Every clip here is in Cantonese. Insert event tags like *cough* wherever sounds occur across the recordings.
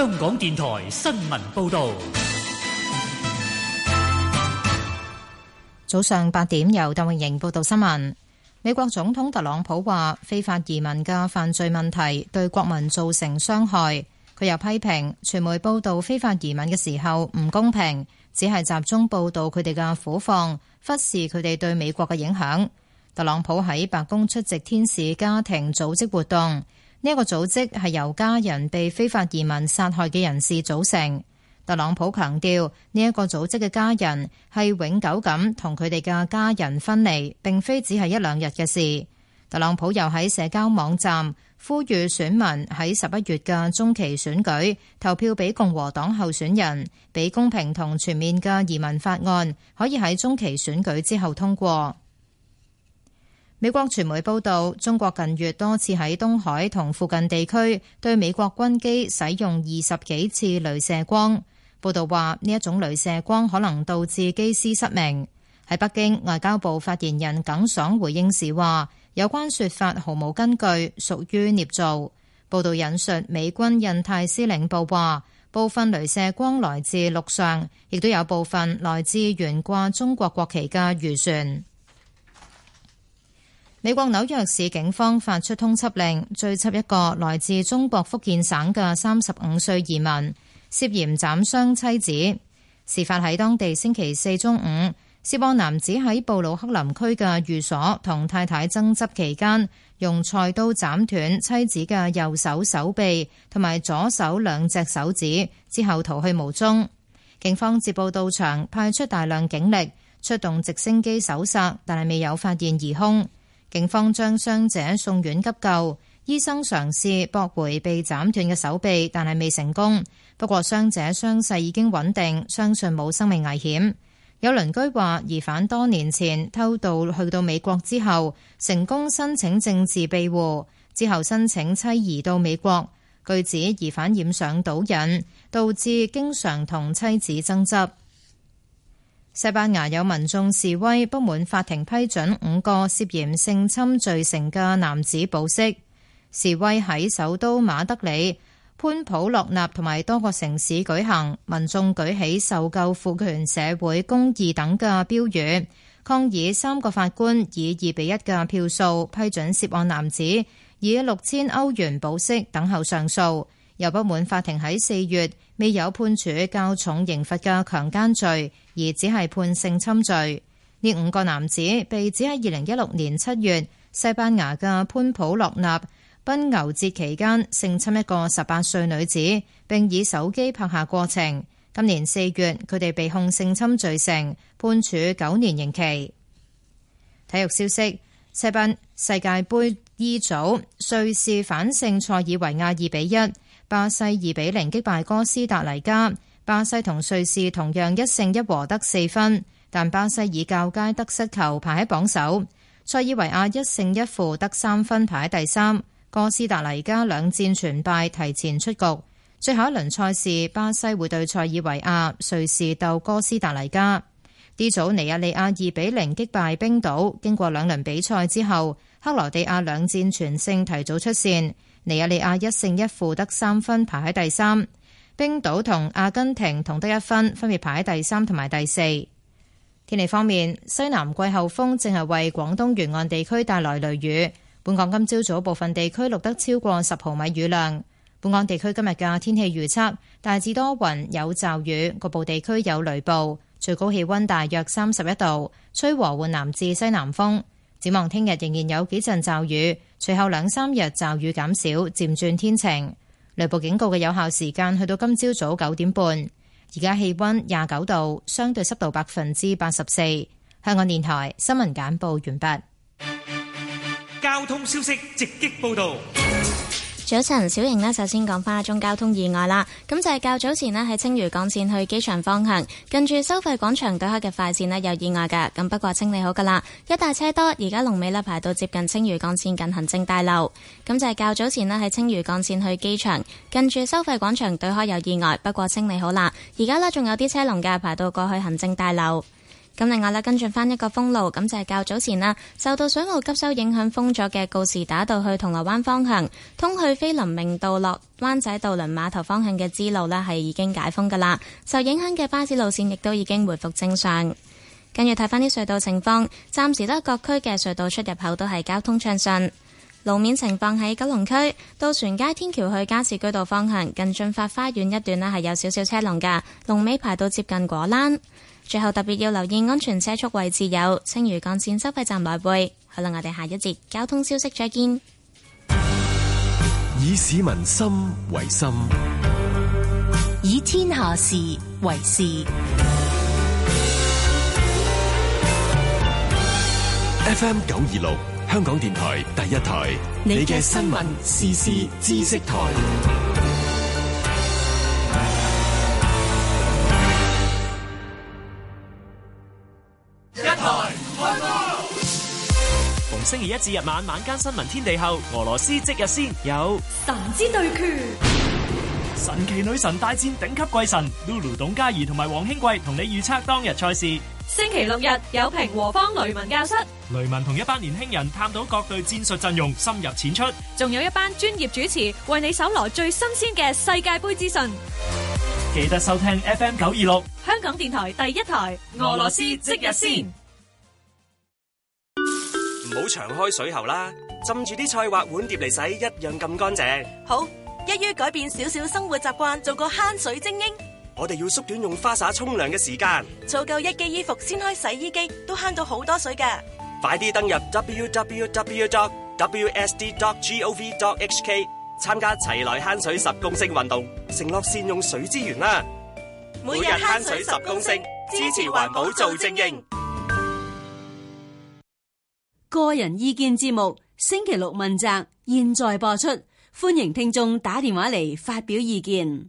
香港電台新聞報道，早上八點由鄧穎瑩報道新聞。美國總統特朗普話非法移民嘅犯罪問題對國民造成傷害，佢又批評傳媒報道非法移民嘅時候唔公平，只係集中報道佢哋嘅苦況，忽視佢哋對美國嘅影響。特朗普喺白宮出席天使家庭組織活動。呢個組織係由家人被非法移民殺害嘅人士組成。特朗普強調，呢一個組織嘅家人係永久咁同佢哋嘅家人分離，並非只係一兩日嘅事。特朗普又喺社交網站呼籲選民喺十一月嘅中期選舉投票俾共和黨候選人，俾公平同全面嘅移民法案可以喺中期選舉之後通過。美國傳媒報道，中國近月多次喺東海同附近地區對美國軍機使用二十幾次雷射光。報道話，呢一種雷射光可能導致機師失明。喺北京，外交部發言人耿爽回應時話：有關說法毫無根據，屬於捏造。報道引述美軍印太司令部話，部分雷射光來自陸上，亦都有部分來自懸掛中國國旗嘅漁船。美國紐約市警方發出通緝令，追緝一個來自中國福建省嘅三十五歲移民，涉嫌斬傷妻子。事發喺當地星期四中午，涉案男子喺布魯克林區嘅寓所同太太爭執期間，用菜刀斬斷妻子嘅右手手臂同埋左手兩隻手指，之後逃去無蹤。警方接報到場，派出大量警力，出動直升機搜殺，但係未有發現疑兇。警方將傷者送院急救，醫生嘗試駁回被斬斷嘅手臂，但係未成功。不過傷者傷勢已經穩定，相信冇生命危險。有鄰居話，疑犯多年前偷渡去到美國之後，成功申請政治庇護，之後申請妻兒到美國。據指，疑犯染上賭癮，導致經常同妻子爭執。西班牙有民眾示威，不滿法庭批准五個涉嫌性侵罪成嘅男子保釋。示威喺首都馬德里、潘普洛納同埋多個城市舉行，民眾舉起「受夠、父權社會公義等」嘅標語，抗議三個法官以二比一嘅票數批准涉案男子以六千歐元保釋，等候上訴。又不滿法庭喺四月未有判處較重刑罰嘅強姦罪，而只係判性侵罪。呢五個男子被指喺二零一六年七月西班牙嘅潘普洛納奔牛節期間性侵一個十八歲女子，並以手機拍下過程。今年四月，佢哋被控性侵罪成，判處九年刑期。體育消息：西班世界盃 E 組，瑞士反勝塞爾維亞二比一。巴西二比零擊敗哥斯達黎加，巴西同瑞士同樣一勝一和得四分，但巴西以較佳得失球排喺榜首。塞爾維亞一勝一負得三分排喺第三。哥斯達黎加兩戰全敗提前出局。最後一輪賽事，巴西會對塞爾維亞，瑞士鬥哥斯達黎加。D 組尼日利亞二比零擊敗冰島。經過兩輪比賽之後，克羅地亞兩戰全勝提早出線。尼日利亞一勝一負得三分，排喺第三；冰島同阿根廷同得一分，分別排喺第三同埋第四。天氣方面，西南季候風正係為廣東沿岸地區帶來雷雨。本港今朝早，早部分地區錄得超過十毫米雨量。本港地區今日嘅天氣預測大致多雲有驟雨，局部地區有雷暴，最高氣温大約三十一度，吹和緩南至西南風。展望聽日仍然有幾陣驟雨。隨後兩三日驟雨減少，漸轉天晴。雷暴警告嘅有效時間去到今朝早九點半。而家氣溫廿九度，相對濕度百分之八十四。香港電台新聞簡報完畢。交通消息直擊報道。早晨，小瑩呢，首先講翻一宗交通意外啦。咁就係、是、較早前呢，喺青嶼幹線去機場方向近住收費廣場對開嘅快線呢，有意外㗎。咁不過清理好噶啦，一帶車多，而家龍尾呢，排到接近青嶼幹線近行政大樓。咁就係、是、較早前呢，喺青嶼幹線去機場近住收費廣場對開有意外，不過清理好啦。而家呢，仲有啲車龍嘅，排到過去行政大樓。咁另外呢，跟進翻一個封路，咁就係較早前啦，受到水路吸收影響封咗嘅告士打道去銅鑼灣方向，通去菲林明道落灣仔渡輪碼頭方向嘅支路呢，係已經解封噶啦。受影響嘅巴士路線亦都已經回復正常。跟住睇翻啲隧道情況，暫時呢，各區嘅隧道出入口都係交通暢順。路面情況，喺九龍區渡船街天橋去加士居道方向近進發花園一段呢，係有少少車龍噶，龍尾排到接近果欄。最後特別要留意安全車速位置有青嶼幹線收費站內背。好啦，我哋下一節交通消息再見。以市民心為心，以天下事為事。FM 九二六，香港電台第一台，你嘅新聞、時事、知識台。星期一至日晚晚間新聞天地後，俄羅斯即日先有神之對決，神奇女神大戰頂級貴神。Lulu、董嘉怡同埋黃興貴同你預測當日賽事。星期六日有平和方雷文教室，雷文同一班年輕人探討各隊戰術陣容，深入淺出。仲有一班專業主持為你搜羅最新鮮嘅世界盃資訊。記得收聽 FM 九二六，香港電台第一台。俄羅斯即日先。好長開水喉啦，浸住啲菜或碗碟嚟洗，一樣咁乾淨。好，一於改變少少生活習慣，做個慳水精英。我哋要縮短用花灑沖涼嘅時間，儲夠一機衣服先開洗衣機，都慳到好多水噶。快啲登入 www.wsd.gov.hk 參加齊來慳水十公升運動，承諾善用水資源啦。每日慳水十公升，支持環保做精英。個人意見節目，星期六問責，現在播出，歡迎聽眾打電話嚟發表意見。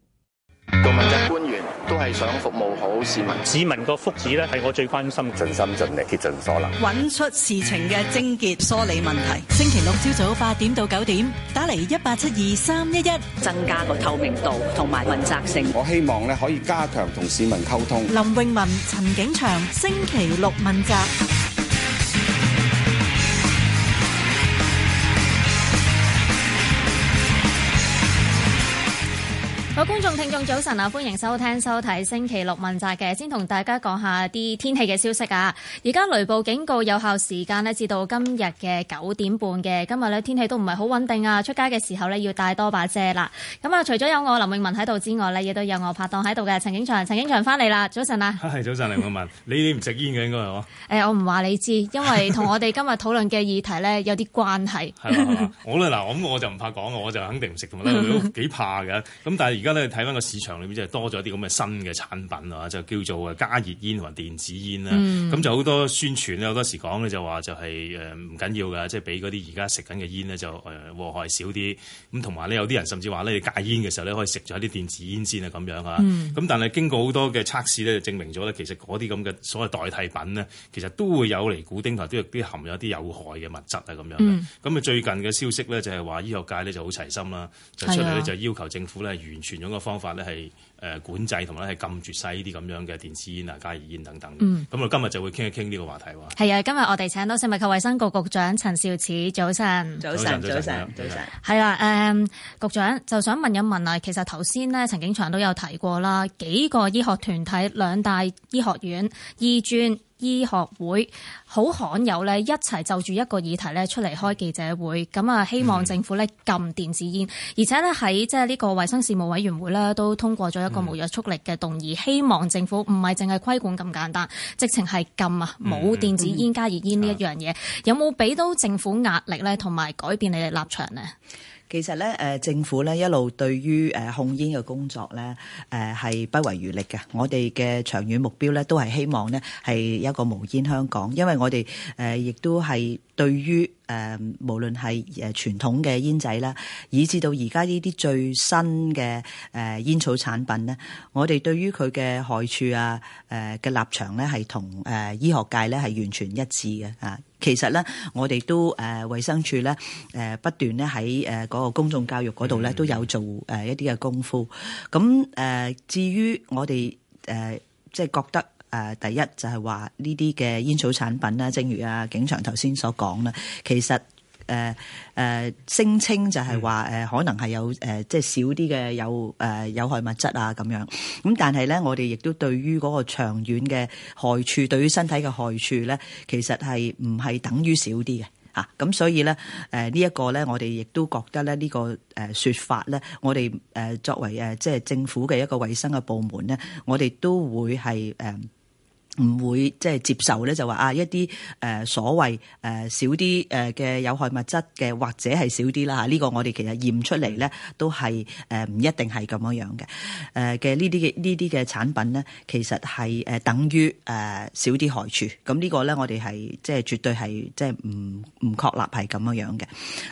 各位觀眾、聽眾，早晨啊！歡迎收聽、收睇星期六問責嘅，先同大家講下啲天氣嘅消息啊！而家雷暴警告有效時間呢，至到今日嘅九點半嘅。今日咧天氣都唔係好穩定啊，出街嘅時候呢，要帶多把遮啦。咁啊，除咗有我林永文喺度之外呢，亦都有我拍檔喺度嘅陳景祥。陳景祥翻嚟啦，早晨啊！係早晨，林永文，你唔食煙嘅應該係我？誒、欸，我唔話你知，因為同我哋今日討論嘅議題呢，有啲關係。係 *laughs* 嘛，我咧嗱，咁我，我就唔怕講，我就肯定唔食，同埋咧都幾怕㗎。咁但係而家。睇翻個市場裏面即就多咗啲咁嘅新嘅產品啊，就叫做誒加熱煙同埋電子煙啦。咁、嗯、就好多宣傳咧，好多時講咧就話就係呃、係誒唔緊要㗎，即、就、係、係、比嗰啲而家食緊嘅煙咧就誒、呃、禍害少啲。咁同埋咧，有啲人甚至話咧，你戒煙嘅時候咧，可以食咗啲電子煙先啊，咁樣啊。咁、嗯、但係經過好多嘅測試咧，就證明咗咧，其實嗰啲咁嘅所謂代替品咧，其實都會有嚟古丁同都啲啲含有啲有害嘅物質啊，咁樣。咁、嗯、啊，最近嘅消息咧就係話醫學界咧就好齊心啦，就出嚟咧就要求政府咧完全。咁樣嘅方法咧，係誒管制同埋咧，係禁絕晒呢啲咁樣嘅電子煙啊、加熱煙等等。嗯，咁啊，今日就會傾一傾呢個話題喎。係啊，今日我哋請到食物及衞生局局長陳肇始，早晨，早晨，早晨，早晨，係啦。誒、呃，局長就想問一問啊，其實頭先呢，陳景祥都有提過啦，幾個醫學團體、兩大醫學院、醫專、醫學會。好罕有咧，一齊就住一個議題咧出嚟開記者會，咁啊，希望政府咧禁電子煙，嗯、而且咧喺即係呢個衛生事務委員會咧都通過咗一個無約束力嘅動議，希望政府唔係淨係規管咁簡單，直情係禁啊冇電子煙加熱煙呢一樣嘢，嗯嗯。有冇俾到政府壓力咧，同埋改變你哋立場呢？其實咧，誒政府咧一路對於誒控煙嘅工作咧，誒係不遺餘力嘅。我哋嘅長遠目標咧都係希望呢係一個無煙香港，因為。我哋誒亦都係對於誒無論係誒傳統嘅煙仔啦，以至到而家呢啲最新嘅誒煙草產品咧，我哋對於佢嘅害處啊誒嘅立場咧，係同誒醫學界咧係完全一致嘅啊。其實咧，我哋都誒、呃、衛生處衛生署咧誒不斷咧喺誒嗰個公眾教育嗰度咧都有做誒一啲嘅功夫。咁誒、呃、至於我哋誒、呃、即係覺得。誒、呃、第一就係話呢啲嘅煙草產品啦，正如阿景長頭先所講啦，其實誒誒聲稱就係話誒可能係有誒即係少啲嘅有誒、呃、有害物質啊咁樣，咁但係咧我哋亦都對於嗰個長遠嘅害處，對於身體嘅害處咧，其實係唔係等於少啲嘅嚇，咁、啊、所以咧誒呢一個咧，我哋亦都覺得咧呢個誒説法咧，我哋誒作為誒即係政府嘅一個衞生嘅部門咧，我哋都會係誒。呃唔會即係接受咧，就話啊一啲誒所謂誒少啲誒嘅有害物質嘅，或者係少啲啦嚇。呢個我哋其實驗出嚟咧，都係誒唔一定係咁樣樣嘅。誒嘅呢啲嘅呢啲嘅產品咧，其實係誒等於誒少啲害處。咁、這、呢個咧，我哋係即係絕對係即係唔唔確立係咁樣樣嘅。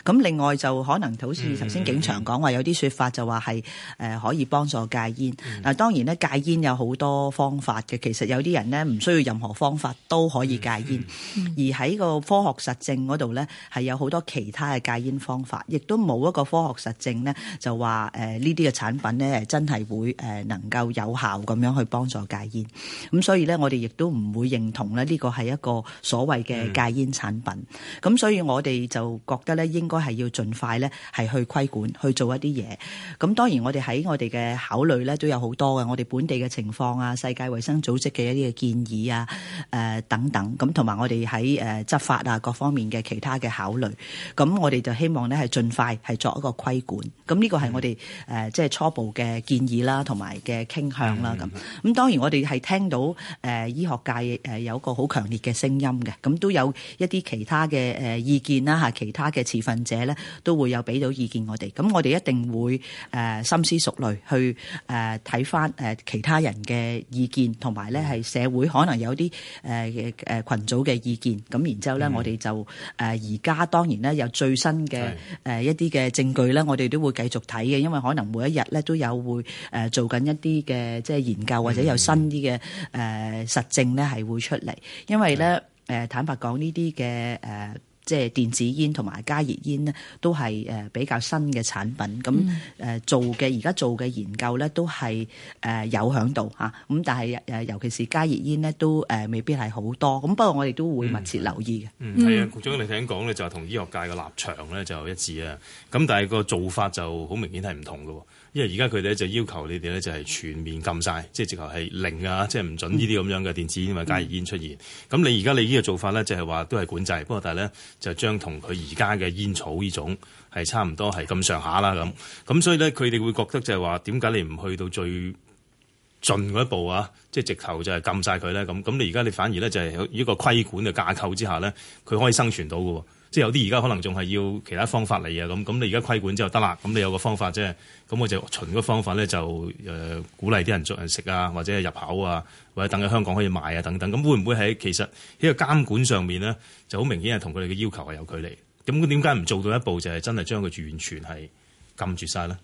咁另外就可能好似頭先警長講話，嗯嗯嗯、有啲說法就話係誒可以幫助戒煙。嗱、嗯、當然咧，戒煙有好多方法嘅。其實有啲人咧唔需要任何方法都可以戒煙，嗯、而喺個科學實證嗰度咧，係有好多其他嘅戒煙方法，亦都冇一個科學實證咧，就話誒呢啲嘅產品咧，真係會誒能夠有效咁樣去幫助戒煙，咁所以咧，我哋亦都唔會認同咧，呢個係一個所謂嘅戒煙產品。咁、嗯、所以，我哋就覺得咧，應該係要盡快咧，係去規管，去做一啲嘢。咁當然我們在我們，我哋喺我哋嘅考慮咧，都有好多嘅，我哋本地嘅情況啊，世界衛生組織嘅一啲嘅建議。意啊，誒等等，咁同埋我哋喺誒執法啊各方面嘅其他嘅考慮，咁我哋就希望咧係盡快係作一個規管，咁呢個係我哋誒即係初步嘅建議啦，同埋嘅傾向啦，咁咁當然我哋係聽到誒醫學界誒有個好強烈嘅聲音嘅，咁都有一啲其他嘅誒意見啦吓，其他嘅持份者咧都會有俾到意見我哋，咁我哋一定會誒深思熟慮去誒睇翻誒其他人嘅意見，同埋咧係社會。可能有啲誒誒群組嘅意見，咁然之後咧，我哋就誒而家當然咧有最新嘅誒一啲嘅證據咧，我哋都會繼續睇嘅，因為可能每一日咧都有會誒做緊一啲嘅即係研究或者有新啲嘅誒實證咧係會出嚟，因為咧誒坦白講呢啲嘅誒。即係電子煙同埋加熱煙都係比較新嘅產品。咁誒做嘅而家做嘅研究咧，都係有喺度。咁但係尤其是加熱煙都未必係好多。咁不過我哋都會密切留意嘅。嗯，係、嗯、啊，局長你聽講咧就係同醫學界嘅立場咧就一致啊。咁但係個做法就好明顯係唔同嘅喎。因為而家佢哋咧就要求你哋咧就係全面禁晒，即係直頭係零啊，即係唔準呢啲咁樣嘅電子煙同加熱煙出現。咁、嗯、你而家你呢個做法咧就係話都係管制，不過但係咧就將同佢而家嘅煙草呢種係差唔多係咁上下啦咁。咁所以咧佢哋會覺得就係話點解你唔去到最盡嗰一步啊？即、就、係、是、直頭就係禁晒佢咧咁。咁你而家你反而咧就係依個規管嘅架構之下咧，佢可以生存到嘅喎。即係有啲而家可能仲係要其他方法嚟啊，咁，咁你而家規管之後得啦，咁你有個方法即係，咁我就循個方法咧就誒、呃、鼓勵啲人做人食啊，或者係入口啊，或者等喺香港可以賣啊等等，咁會唔會喺其實呢個監管上面咧就好明顯係同佢哋嘅要求係有距離？咁點解唔做到一步就係真係將佢完全係禁住晒咧？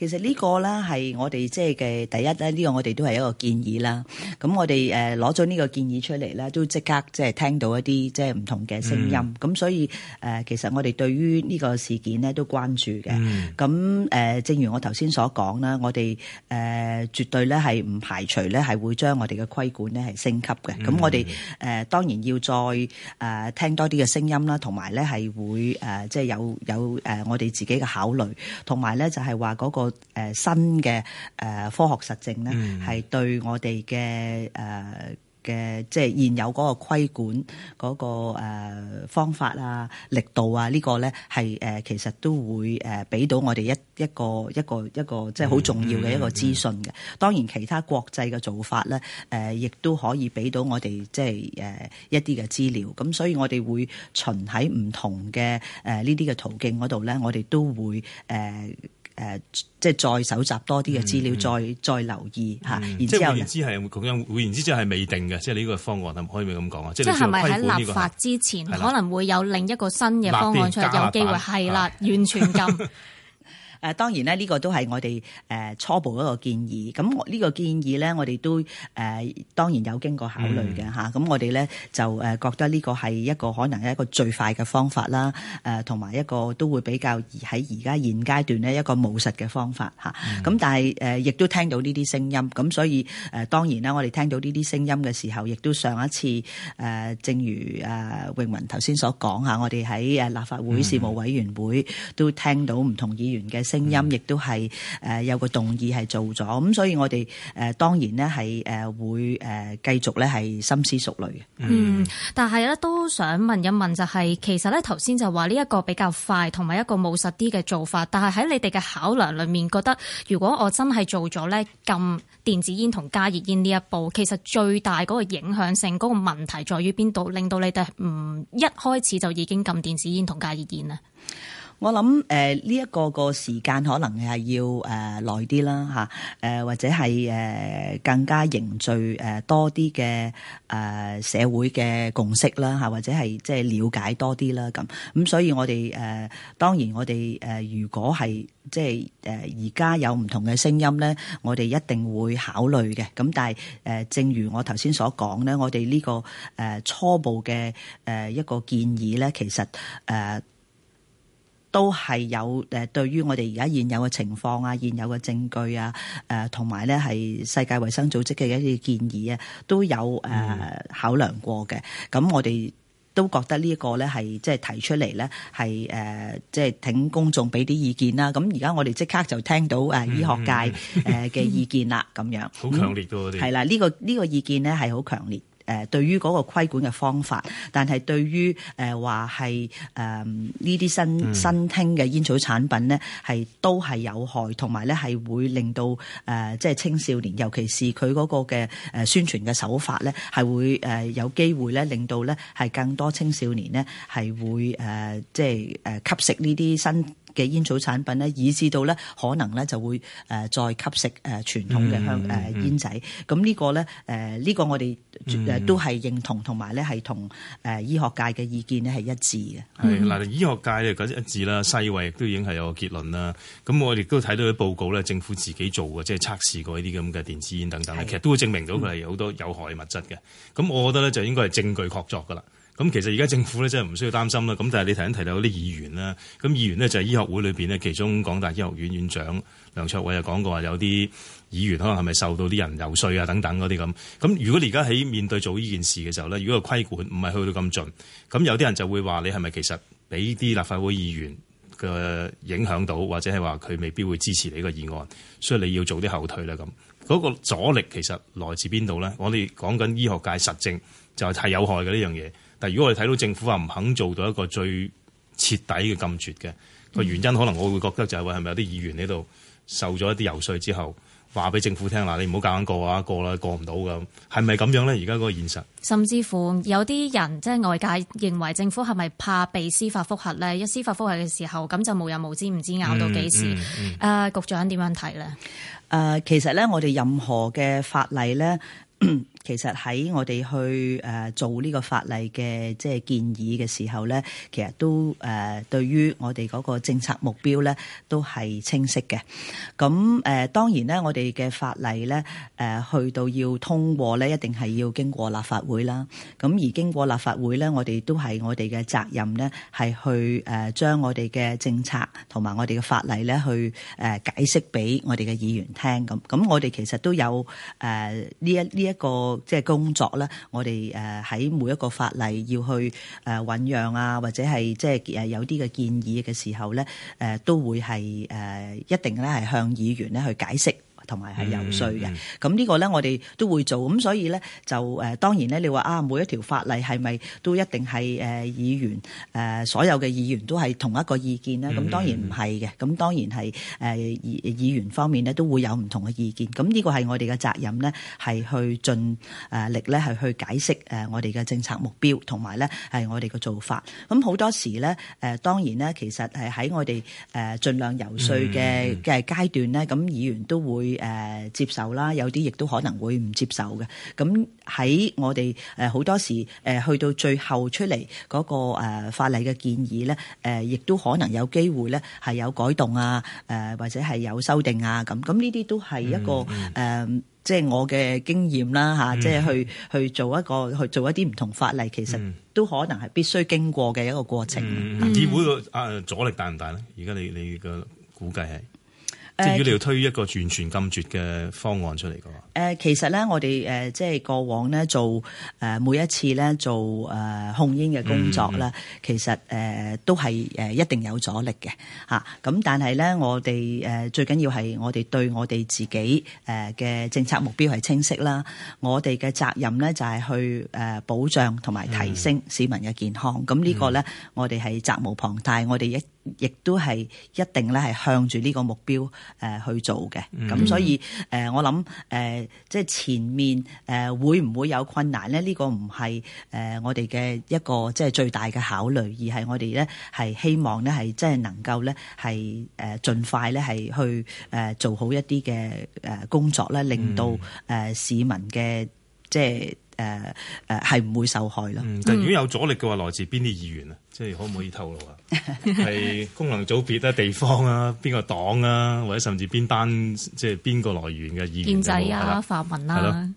其實呢個咧係我哋即係嘅第一咧，呢、這個我哋都係一個建議啦。咁我哋誒攞咗呢個建議出嚟咧，都即刻即係聽到一啲即係唔同嘅聲音。咁、嗯、所以誒、呃，其實我哋對於呢個事件咧都關注嘅。咁、嗯、誒、呃，正如我頭先所講啦，我哋誒、呃、絕對咧係唔排除咧係會將我哋嘅規管咧係升級嘅。咁、嗯、我哋誒、呃、當然要再誒、呃、聽多啲嘅聲音啦，同埋咧係會誒、呃、即係有有誒、呃、我哋自己嘅考慮，同埋咧就係話嗰個。誒新嘅誒科學實證咧，係對我哋嘅誒嘅即係現有嗰個規管嗰、嗰個、呃、方法啊、力度啊呢、呢個咧係誒其實都會誒俾到我哋一一個一個一個即係好重要嘅一個資訊嘅。當然其他國際嘅做法咧，誒、呃、亦都可以俾到我哋即係誒、呃、一啲嘅資料。咁所以我哋會循喺唔同嘅誒呢啲嘅途徑嗰度咧，我哋都會誒。呃誒、呃，即係再搜集多啲嘅資料，嗯、再再留意吓、嗯、然之後。即換言之係咁樣，換言之即係未定嘅，即係呢個方案，可唔可以咁講啊？即係係咪喺立法之前、這個，可能會有另一個新嘅方案出嚟，有機會係啦，完全禁。 *laughs* *laughs* 誒當然咧，呢、這個都係我哋誒初步的一個建議。咁、這、呢個建議咧，我哋都誒當然有經過考慮嘅嚇。咁、嗯啊、我哋咧就誒覺得呢個係一個可能係一個最快嘅方法啦。誒同埋一個都會比較而喺而家現階段呢一個務實嘅方法嚇。咁、啊、但係亦、啊、都聽到呢啲聲音。咁、啊、所以誒、啊、當然啦，我哋聽到呢啲聲音嘅時候，亦都上一次誒、啊，正如誒榮、啊、文頭先所講嚇，我哋喺立法會事務委員會都聽到唔同議員嘅。嗯啊聲音亦都係誒有個動議係做咗，咁、嗯、所以我哋誒當然咧係誒會誒繼續咧係深思熟慮嘅、嗯。嗯，但係咧都想問一問、就是，就係其實咧頭先就話呢一個比較快同埋一個務實啲嘅做法，但係喺你哋嘅考量裡面，覺得如果我真係做咗咧禁電子煙同加熱煙呢一步，其實最大嗰個影響性嗰、那個問題在於邊度，令到你哋唔、嗯、一開始就已經禁電子煙同加熱煙呢？我諗誒，呢、呃、一、這個個時間可能係要誒耐啲啦吓，誒、呃啊、或者係誒、呃、更加凝聚誒、呃、多啲嘅誒社會嘅共識啦吓、啊，或者係即係了解多啲啦咁。咁所以我哋誒、呃，當然我哋誒、呃，如果係即係誒而家有唔同嘅聲音咧，我哋一定會考慮嘅。咁但係誒、呃，正如我頭先所講咧，我哋呢、這個誒、呃、初步嘅誒、呃、一個建議咧，其實誒。呃都係有誒，對於我哋而家現有嘅情況啊、現有嘅證據啊，誒同埋咧係世界衞生組織嘅一啲建議啊，都有誒、呃、考量過嘅。咁、嗯、我哋都覺得呢個咧係即係提出嚟咧係誒，即係請公眾俾啲意見啦。咁而家我哋即刻就聽到誒醫學界誒嘅、嗯 *laughs* 呃、意見啦，咁樣好強烈㗎，嗰啲係啦，呢、嗯呢個呢、呢個意見咧係好強烈。誒對於嗰個規管嘅方法，但係對於誒話係誒呢啲新新興嘅煙草產品咧，係都係有害，同埋咧係會令到誒、呃、即係青少年，尤其是佢嗰個嘅誒、呃、宣傳嘅手法咧，係會誒、呃、有機會咧令到咧係更多青少年呢，係會誒、呃、即係誒、呃、吸食呢啲新嘅煙草產品咧，以至到咧可能咧就會誒再吸食誒傳統嘅香誒煙仔。咁、嗯嗯嗯、呢個咧誒呢個我哋誒、嗯、都係認同，同埋咧係同誒醫學界嘅意見咧係一致嘅。係、嗯、嗱、嗯，醫學界咧嗰一致啦，世衛亦都已經係有個結論啦。咁我亦都睇到啲報告咧，政府自己做嘅，即係測試過呢啲咁嘅電子煙等等，其實都會證明到佢係有好多有害物質嘅。咁、嗯、我覺得咧就應該係證據確鑿噶啦。咁其實而家政府咧真係唔需要擔心啦。咁但係你頭先提到嗰啲議員啦，咁議員呢，就係醫學會裏面呢，其中港大醫學院院長梁卓偉又講過話，有啲議員可能係咪受到啲人游説啊等等嗰啲咁。咁如果你而家喺面對做呢件事嘅時候呢，如果規管唔係去到咁盡，咁有啲人就會話你係咪其實俾啲立法會議員嘅影響到，或者係話佢未必會支持你個個議案，所以你要做啲後退啦。咁、那、嗰個阻力其實來自邊度呢？我哋講緊醫學界實證就係太有害嘅呢樣嘢。但如果我哋睇到政府話唔肯做到一個最徹底嘅禁絕嘅個原因，嗯、可能我會覺得就係話，係咪有啲議員呢度受咗一啲游説之後話俾政府聽，嗱，你唔好夾硬過啊，過啦，過唔到咁，係咪咁樣咧？而家嗰個現實甚至乎有啲人即係、就是、外界認為政府係咪怕被司法覆核咧？一司法覆核嘅時候，咁就冇人冇知，唔知咬到幾時，誒、嗯嗯嗯啊、局長點樣睇咧？誒、呃、其實咧，我哋任何嘅法例咧。其實喺我哋去誒做呢個法例嘅即係建議嘅時候咧，其實都誒對於我哋嗰個政策目標咧，都係清晰嘅。咁誒當然咧，我哋嘅法例咧誒去到要通過咧，一定係要經過立法會啦。咁而經過立法會咧，我哋都係我哋嘅責任咧，係去誒將我哋嘅政策同埋我哋嘅法例咧，去誒解釋俾我哋嘅議員聽。咁咁我哋其實都有誒呢一呢一個。即係工作啦，我哋誒喺每一個法例要去誒醞釀啊，或者係即係誒有啲嘅建議嘅時候咧，誒都會係誒一定咧係向議員咧去解釋。同埋係游説嘅，咁、mm-hmm. 呢個咧我哋都會做，咁所以咧就誒當然咧，你話啊每一條法例係咪都一定係誒議員誒所有嘅議員都係同一個意見咧？咁當然唔係嘅，咁當然係誒議員方面咧都會有唔同嘅意見。咁呢個係我哋嘅責任咧，係去盡誒力咧係去解釋誒我哋嘅政策目標同埋咧係我哋嘅做法。咁好多時咧誒當然咧其實係喺我哋誒盡量游説嘅嘅階段咧，咁、mm-hmm. 議員都會。誒，接受啦，有啲亦都可能會唔接受嘅。咁喺我哋誒好多時，誒去到最後出嚟嗰個誒法例嘅建議咧，誒亦都可能有機會咧係有改動啊，誒或者係有修訂啊。咁咁呢啲都係一個誒，即係我嘅經驗啦嚇，即係去去做一個去做一啲唔同法例，其實都可能係必須經過嘅一個過程。議會嘅誒阻力大唔大咧？而家你你嘅估計係？即你要推一個完全禁絕嘅方案出嚟嘅話，其實咧，我哋即係過往咧做每一次咧做誒控煙嘅工作咧，其實誒都係一定有阻力嘅嚇。咁但係咧，我哋誒最緊要係我哋對我哋自己誒嘅政策目標係清晰啦。我哋嘅責任咧就係去誒保障同埋提升市民嘅健康。咁、嗯這個、呢個咧，我哋係責無旁貸。我哋一亦都係一定咧係向住呢個目標誒去做嘅，咁、嗯、所以誒、呃、我諗誒、呃、即係前面誒、呃、會唔會有困難咧？呢、呢個唔係誒我哋嘅一個即係最大嘅考慮，而係我哋咧係希望咧係即係能夠咧係誒盡快咧係去誒、呃、做好一啲嘅誒工作咧，令到誒、嗯呃、市民嘅即係。誒、呃、誒，係唔會受害咯、嗯。但如果有阻力嘅話，來自邊啲議員啊、嗯？即係可唔可以透露啊？係 *laughs* 功能組別啊，地方啊，邊個黨啊，或者甚至邊班即係邊個來源嘅議員啊？建制啊，泛、嗯、民啊。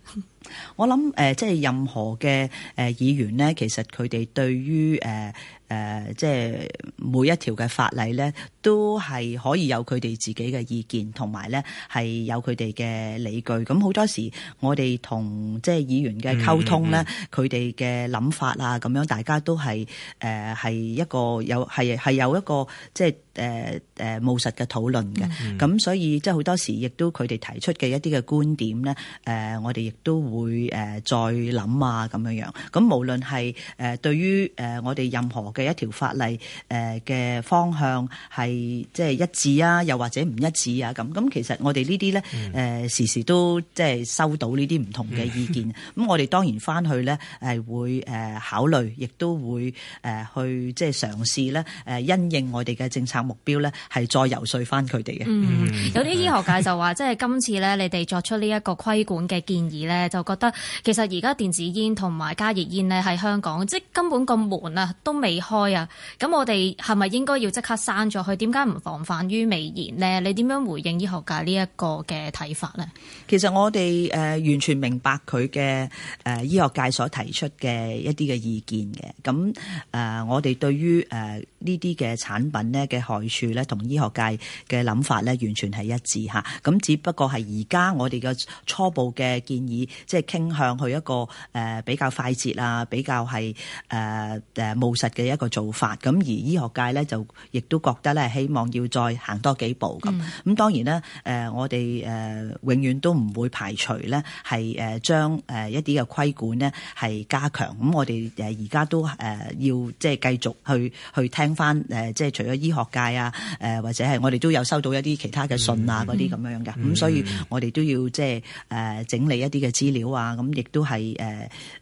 我諗誒、呃，即係任何嘅誒議員呢，其實佢哋對於誒誒，即係每一條嘅法例咧，都係可以有佢哋自己嘅意見同埋咧係有佢哋嘅理據，咁好多時我哋同即係議員嘅溝通咧，佢哋嘅諗法啊，咁樣大家都係誒係一個有係係有一個即係誒誒務實嘅討論嘅。咁、嗯嗯、所以即係好多時亦都佢哋提出嘅一啲嘅觀點咧，誒、呃、我哋亦都會誒再諗啊咁樣樣，咁無論係誒對於誒我哋任何嘅一條法例誒嘅方向係。即、就、係、是、一致啊，又或者唔一致啊，咁咁其實我哋呢啲咧，誒、嗯、時時都即係收到呢啲唔同嘅意見。咁、嗯、 *laughs* 我哋當然翻去咧係會考慮，亦都會去即係嘗試咧因應我哋嘅政策目標咧，係再游說翻佢哋嘅。嗯嗯、 *laughs* 有啲醫學界就話，即係今次咧，你哋作出呢一個規管嘅建議咧，就覺得其實而家電子煙同埋加熱煙呢，喺香港，即根本個門啊都未開啊。咁我哋係咪應該要即刻閂咗佢？點解唔防範於未然呢？你點樣回應醫學界呢一個嘅睇法咧？其實我哋誒完全明白佢嘅誒醫學界所提出嘅一啲嘅意見嘅。咁誒我哋對於誒呢啲嘅產品咧嘅害處咧，同醫學界嘅諗法咧，完全係一致吓。咁只不過係而家我哋嘅初步嘅建議，即係傾向去一個誒比較快捷啊，比較係誒誒務實嘅一個做法。咁而醫學界咧就亦都覺得咧。希望要再行多幾步咁，咁、嗯、當然咧，誒我哋誒永遠都唔會排除咧，係誒將誒一啲嘅規管咧係加強。咁我哋誒而家都誒要即係繼續去去聽翻誒，即係除咗醫學界啊，誒或者係我哋都有收到一啲其他嘅信啊嗰啲咁樣嘅。咁、嗯嗯、所以我哋都要即係誒整理一啲嘅資料啊，咁亦都係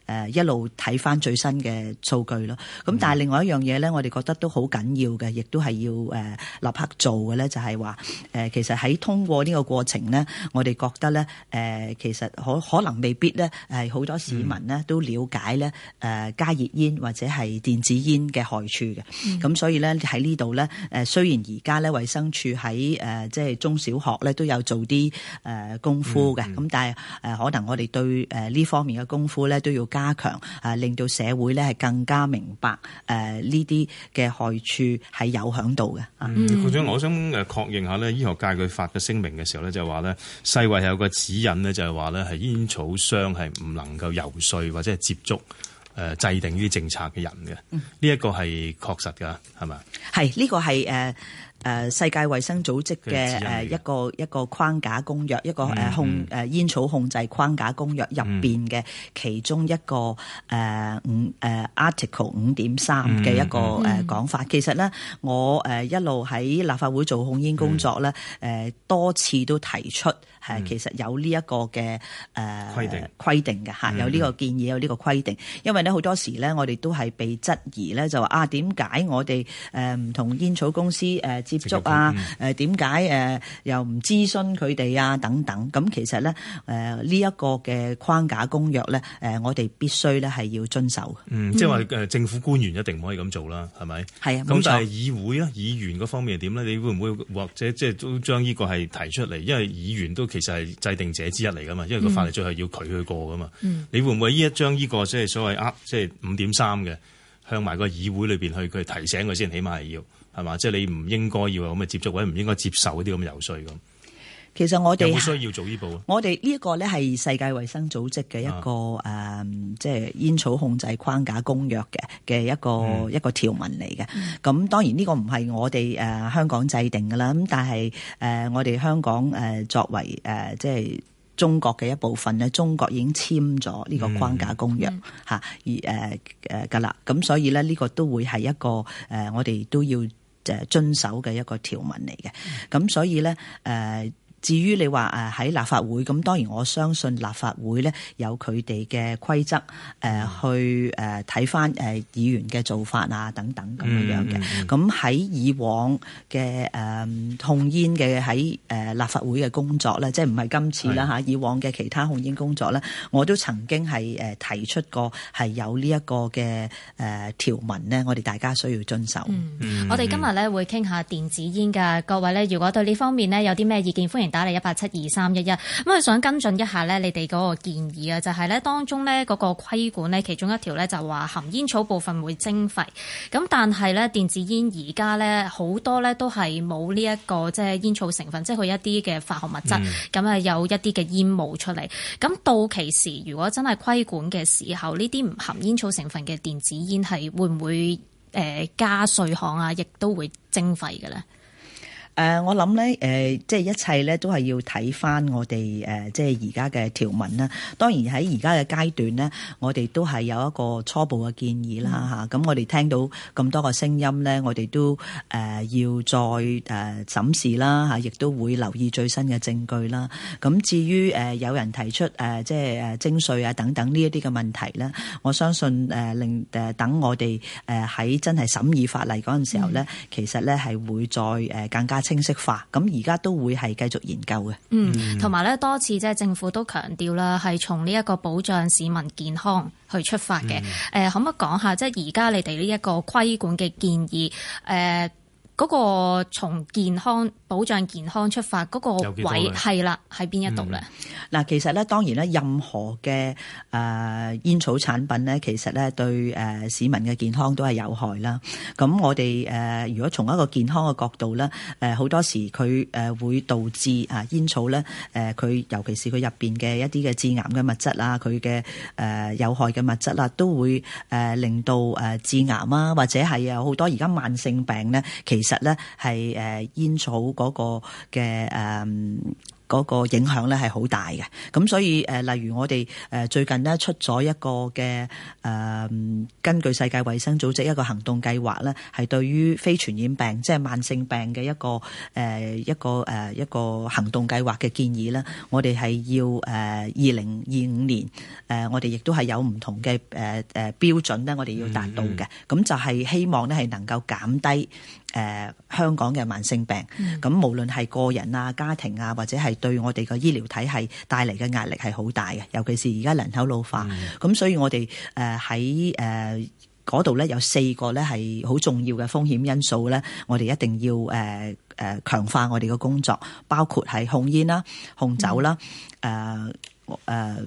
誒一路睇翻最新嘅數據咯。咁但係另外一樣嘢咧，我哋覺得都好緊要嘅，亦都係要誒。立刻做嘅咧，就係話誒，其實喺通過呢個過程咧，我哋覺得咧誒，其實可可能未必咧係好多市民呢都了解咧誒加熱煙或者係電子煙嘅害處嘅。咁、嗯、所以咧喺呢度咧誒，雖然而家咧衛生處衛生署喺誒即係中小學咧都有做啲誒功夫嘅，咁、嗯嗯、但係誒可能我哋對誒呢方面嘅功夫咧都要加強，誒令到社會咧係更加明白誒呢啲嘅害處係有響度嘅。嗯，局長、嗯、想、嗯、我想誒確認下咧、嗯，醫學界佢發嘅聲明嘅時候咧，就係話咧，世衞有個指引呢，就係話咧，係煙草商係唔能夠游說或者係接觸誒、呃、制定呢啲政策嘅人嘅。呢、嗯、一、呢個係確實噶，係咪？係呢、呢個係誒。Uh, 誒世界衛生組織嘅一個一個框架公約，一個誒控煙草控制框架公約入邊嘅其中一個誒五 article 五點三嘅一個誒講法。其實咧，我誒一路喺立法會做控煙工作咧，誒多次都提出。係、嗯，其實有呢一個嘅誒、呃、規定規定嘅嚇，有呢個建議，有呢個規定。嗯、因為咧好多時呢，我哋都係被質疑呢，就話啊點解我哋誒唔同煙草公司誒接觸啊？誒點解誒又唔諮詢佢哋啊？等等。咁其實呢，誒呢一個嘅框架公約呢，誒，我哋必須呢係要遵守、嗯。即係話政府官員一定唔可以咁做啦，係、嗯、咪？係啊，咁但係議會啊，議員嗰方面係點呢？你會唔會或者即係都將呢個係提出嚟？因為議員都。其實係制定者之一嚟噶嘛，因為個法律最後要佢去過噶嘛、嗯。你會唔會呢一張呢個即係所謂呃即係五點三嘅，向埋個議會裏邊去去提醒佢先，起碼係要係嘛？即係、就是、你唔應該要有咁嘅接觸或者唔應該接受啲咁嘅游説咁。其實我哋好需要做呢部。我哋呢一個咧，係世界衛生組織嘅一個誒，即係煙草控制框架公約嘅嘅一個、嗯、一個條文嚟嘅。咁當然呢個唔係我哋誒、呃、香港制定噶啦。咁但係誒、呃、我哋香港誒、呃、作為誒即係中國嘅一部分呢，中國已經簽咗呢個框架公約吓、嗯嗯啊，而誒誒噶啦。咁、呃、所以咧，呢個都會係一個誒、呃、我哋都要誒遵守嘅一個條文嚟嘅。咁所以咧誒。呃至於你話誒喺立法會，咁當然我相信立法會咧有佢哋嘅規則，誒去誒睇翻誒議員嘅做法啊等等咁樣樣嘅。咁、嗯、喺、嗯嗯、以往嘅誒控煙嘅喺誒立法會嘅工作咧，即係唔係今次啦嚇？以往嘅其他控煙工作咧，我都曾經係誒提出過係有呢一個嘅誒條文呢，我哋大家需要遵守。嗯、我哋今日咧會傾下電子煙㗎。各位咧如果對呢方面呢有啲咩意見，歡迎。打嚟一八七二三一一，咁我想跟進一下咧，你哋嗰個建議啊，就係、是、咧當中咧嗰個規管咧，其中一條咧就話含煙草部分會徵費，咁但係咧電子煙而家咧好多咧都係冇呢一個即係煙草成分，即係佢一啲嘅化學物質，咁啊有一啲嘅煙霧出嚟，咁、嗯、到期時如果真係規管嘅時候，呢啲唔含煙草成分嘅電子煙係會唔會誒加稅項啊，亦都會徵費嘅咧？誒我諗咧，誒即係一切咧，都係要睇翻我哋誒即係而家嘅條文啦。當然喺而家嘅階段咧，我哋都係有一個初步嘅建議啦，吓、嗯，咁我哋聽到咁多個聲音咧，我哋都誒要再誒審視啦，吓，亦都會留意最新嘅證據啦。咁至於誒有人提出誒即係誒徵稅啊等等呢一啲嘅問題咧，我相信誒令誒等我哋誒喺真係審議法例嗰陣時候咧，嗯，其實咧係會再誒更加。清晰化，咁而家都會係繼續研究嘅、嗯。嗯，同埋咧多次即係政府都強調啦，係從呢一個保障市民健康去出發嘅。誒、嗯呃，可唔可以講下？即係而家你哋呢一個規管嘅建議誒、呃。嗰、那個從健康保障健康出發嗰個位係啦，喺邊一度咧？嗱、嗯，其實咧當然咧，任何嘅誒煙草產品咧，其實咧對誒市民嘅健康都係有害啦。咁我哋誒、呃、如果從一個健康嘅角度咧，誒、呃、好多時佢誒會導致啊煙草咧誒佢尤其是佢入邊嘅一啲嘅致癌嘅物質啊，佢嘅誒有害嘅物質啦都會誒、呃、令到誒致癌啊，或者係有好多而家慢性病咧，其實。咧係誒煙草嗰個嘅誒嗰個影響咧係好大嘅，咁所以誒，例如我哋誒最近呢出咗一個嘅誒，根據世界衛生組織一個行動計劃咧，係對於非傳染病即係、就是、慢性病嘅一個誒一個誒一,一個行動計劃嘅建議咧，我哋係要誒二零二五年誒，我哋亦都係有唔同嘅誒誒標準咧，我哋要達到嘅，咁就係、是、希望咧係能夠減低。誒、呃、香港嘅慢性病，咁、嗯、無論係個人啊、家庭啊，或者係對我哋個醫療體系帶嚟嘅壓力係好大嘅，尤其是而家人口老化，咁、嗯嗯、所以我哋誒喺誒嗰度咧有四個咧係好重要嘅風險因素咧，我哋一定要誒誒、呃呃、強化我哋嘅工作，包括係控煙啦、控酒啦、誒、嗯、誒。呃呃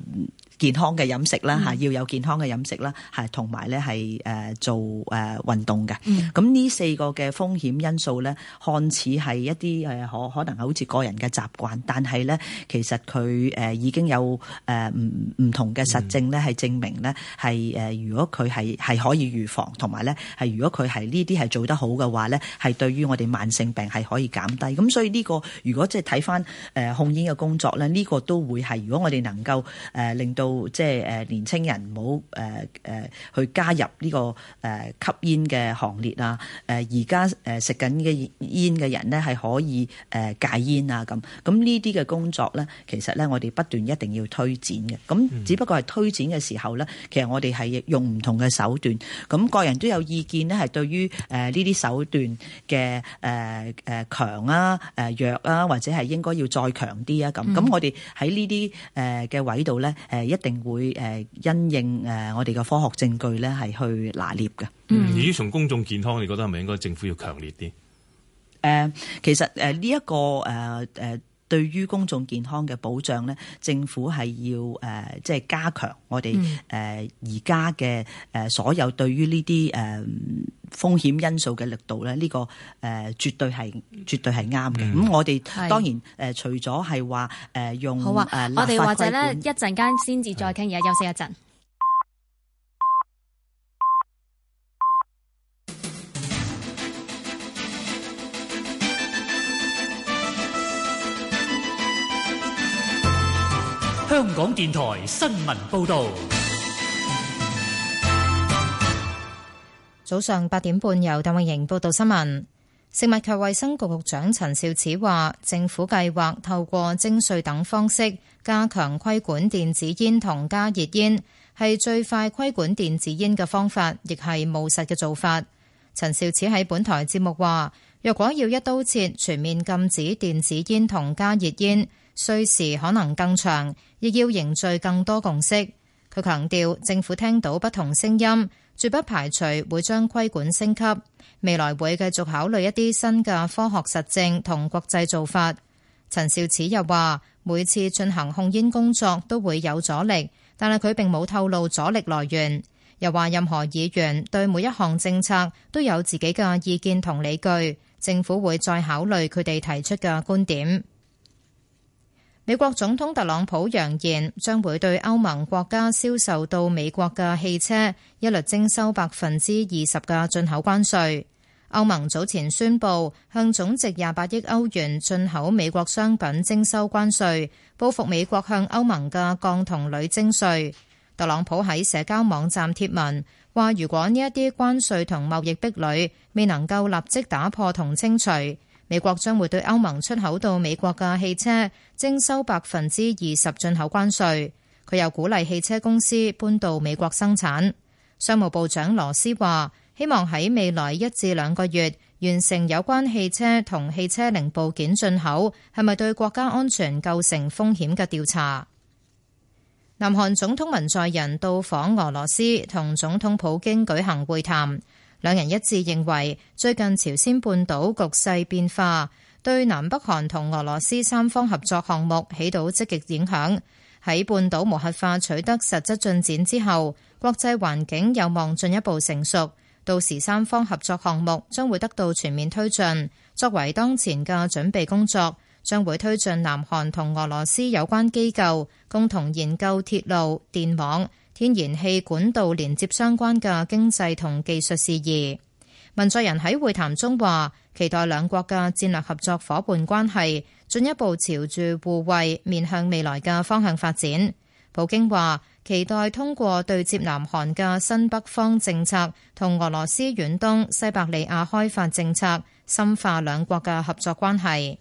健康嘅飲食啦吓、嗯、要有健康嘅飲食啦嚇，同埋咧係誒做誒運動嘅。咁、嗯、呢四個嘅風險因素咧，看似係一啲誒可可能係好似個人嘅習慣，但係咧其實佢誒已經有誒唔唔同嘅實證咧，係證明咧係誒如果佢係係可以預防，同埋咧係如果佢係呢啲係做得好嘅話咧，係對於我哋慢性病係可以減低。咁所以呢、這個如果即係睇翻誒控煙嘅工作咧，呢、這個都會係如果我哋能夠誒令到。即係誒年青人唔好誒誒去加入呢個誒吸煙嘅行列啊！誒而家誒食緊嘅煙嘅人咧係可以誒戒煙啊！咁咁呢啲嘅工作咧，其實咧我哋不斷一定要推展嘅。咁、嗯、只不過係推展嘅時候咧，其實我哋係用唔同嘅手段。咁各人都有意見咧，係對於誒呢啲手段嘅誒誒強啊、誒弱啊，或者係應該要再強啲啊咁。咁、嗯、我哋喺呢啲誒嘅位度咧誒。一定會誒因應誒我哋嘅科學證據咧係去拿捏嘅。嗯，而從公眾健康，你覺得係咪應該政府要強烈啲？誒、呃，其實誒呢一個誒誒。呃呃對於公眾健康嘅保障咧，政府係要誒，即係加強我哋誒而家嘅誒所有對於呢啲誒風險因素嘅力度咧，呢、呢個誒絕對係絕對係啱嘅。咁、mm-hmm. 嗯、我哋當然誒，除咗係話誒用好啊，我哋或者咧一陣間先至再傾，而家休息一陣。香港電台新聞報道，早上八點半由鄧穎瑩報道新聞。食物及衛生局局長陳肇始話，政府計劃透過徵稅等方式加強規管電子煙、同加熱煙，係最快規管電子煙嘅方法，亦係務實嘅做法。陳肇始喺本台節目話，若果要一刀切全面禁止電子煙同加熱煙，需時可能更長，亦要凝聚更多共識。佢強調，政府聽到不同聲音，絕不排除會將規管升級。未來會繼續考慮一啲新嘅科學實證同國際做法。陳肇始又話，每次進行控煙工作都會有阻力，但係佢並冇透露阻力來源。又話，任何議員對每一項政策都有自己嘅意見同理據，政府會再考慮佢哋提出嘅觀點。美國總統特朗普揚言，將會對歐盟國家銷售到美國嘅汽車一律徵收百分之二十嘅進口關稅。歐盟早前宣布向總值廿八億歐元進口美國商品徵收關稅，報復美國向歐盟嘅鋼同鋁徵稅。特朗普喺社交網站貼文話，如果呢一啲關稅同貿易壁壘未能夠立即打破同清除，美國將會對歐盟出口到美國嘅汽車。徵收百分之二十進口關稅，佢又鼓勵汽車公司搬到美國生產。商務部長羅斯話，希望喺未來一至兩個月完成有關汽車同汽車零部件進口係咪對國家安全構成風險嘅調查。南韓總統文在寅到訪俄羅斯，同總統普京舉行會談，兩人一致認為最近朝鮮半島局勢變化。對南北韓同俄羅斯三方合作項目起到積極影響。喺半島無核化取得實質進展之後，國際環境有望進一步成熟，到時三方合作項目將會得到全面推進。作為當前嘅準備工作，將會推進南韓同俄羅斯有關機構共同研究鐵路、電網、天然氣管道連接相關嘅經濟同技術事宜。文在寅喺會談中話，期待兩國嘅戰略合作夥伴關係進一步朝住互惠、面向未來嘅方向發展。普京話，期待通過對接南韓嘅新北方政策同俄羅斯遠東西伯利亞開發政策，深化兩國嘅合作關係。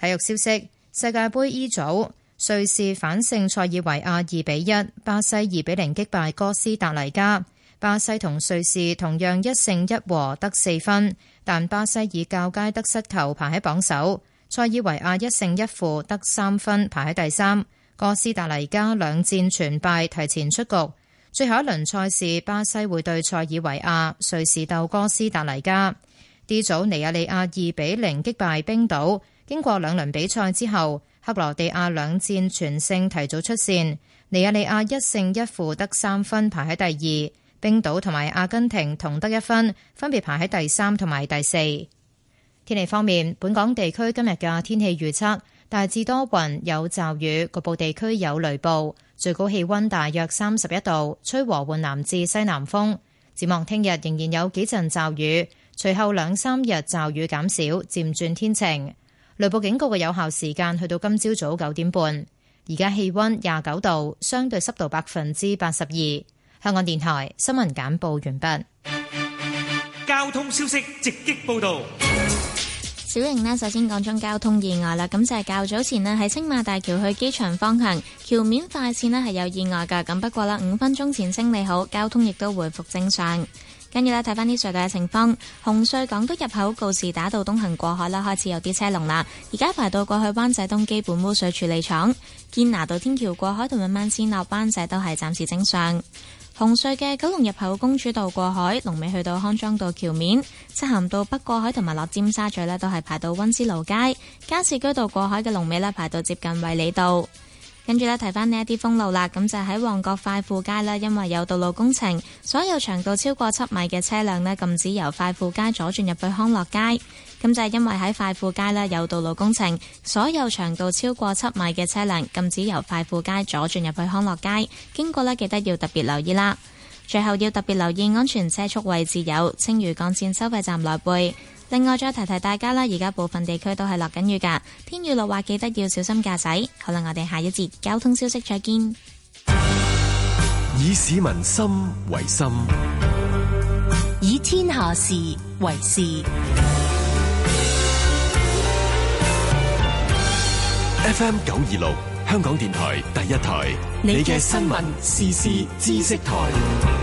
體育消息：世界杯 E 組，瑞士反勝塞爾維亞二比一，巴西二比零擊敗哥斯達黎加。巴西同瑞士同樣一勝一和得四分，但巴西以較佳得失球排喺榜首。塞爾維亞一勝一負得三分排喺第三。哥斯達黎加兩戰全敗，提前出局。最後一輪賽事，巴西會對塞爾維亞，瑞士鬥哥斯達黎加。D 組尼亞利亞二比零擊敗冰島。經過兩輪比賽之後，克羅地亞兩戰全勝，提早出線。尼亞利亞一勝一負得三分排喺第二。冰島同埋阿根廷同得一分，分別排喺第三同埋第四。天氣方面，本港地區今日嘅天氣預測大致多雲，有驟雨，局部地區有雷暴，最高氣温大約三十一度，吹和緩南至西南風。展望聽日仍然有幾陣驟雨，隨後兩三日驟雨減少，漸轉天晴。雷暴警告嘅有效時間去到今朝早九點半。而家氣温廿九度，相對濕度百分之八十二。香港電台新聞簡報完畢。交通消息直擊報道。小瑩呢，首先講出交通意外啦。咁就係、是、較早前呢，喺青馬大橋去機場方向橋面快線呢係有意外噶。咁不過咧，五分鐘前清理好，交通亦都回復正常。跟住呢，睇翻啲隧道嘅情況，紅隧港都入口告士打道東行過海咧，開始有啲車龍啦。而家排到過去灣仔東基本污水處理廠堅拿道天橋過海同埋慢線落灣仔都係暫時正常。紅隧嘅九龍入口公主道過海，龍尾去到康莊道橋面；漆咸道北過海同埋落尖沙咀咧都係排到溫思勞街；加士居道過海嘅龍尾咧排到接近衛理道。跟住咧，提翻呢一啲封路啦。咁就喺旺角快富街啦，因為有道路工程，所有長度超過七米嘅車輛呢，禁止由快富街左轉入去康樂街。咁就係因為喺快富街啦，有道路工程，所有長度超過七米嘅車輛禁止由快富街左轉入去康樂街。經過呢，記得要特別留意啦。最後要特別留意安全車速位置有青嶼幹線收費站內背。另外再提提大家啦，而家部分地區都係落緊雨噶，天雨路滑，記得要小心駕駛。好啦，我哋下一節交通消息再見。以市民心為心，以天下事為事。FM 九二六，香港電台第一台，你嘅新聞、時事、知識台。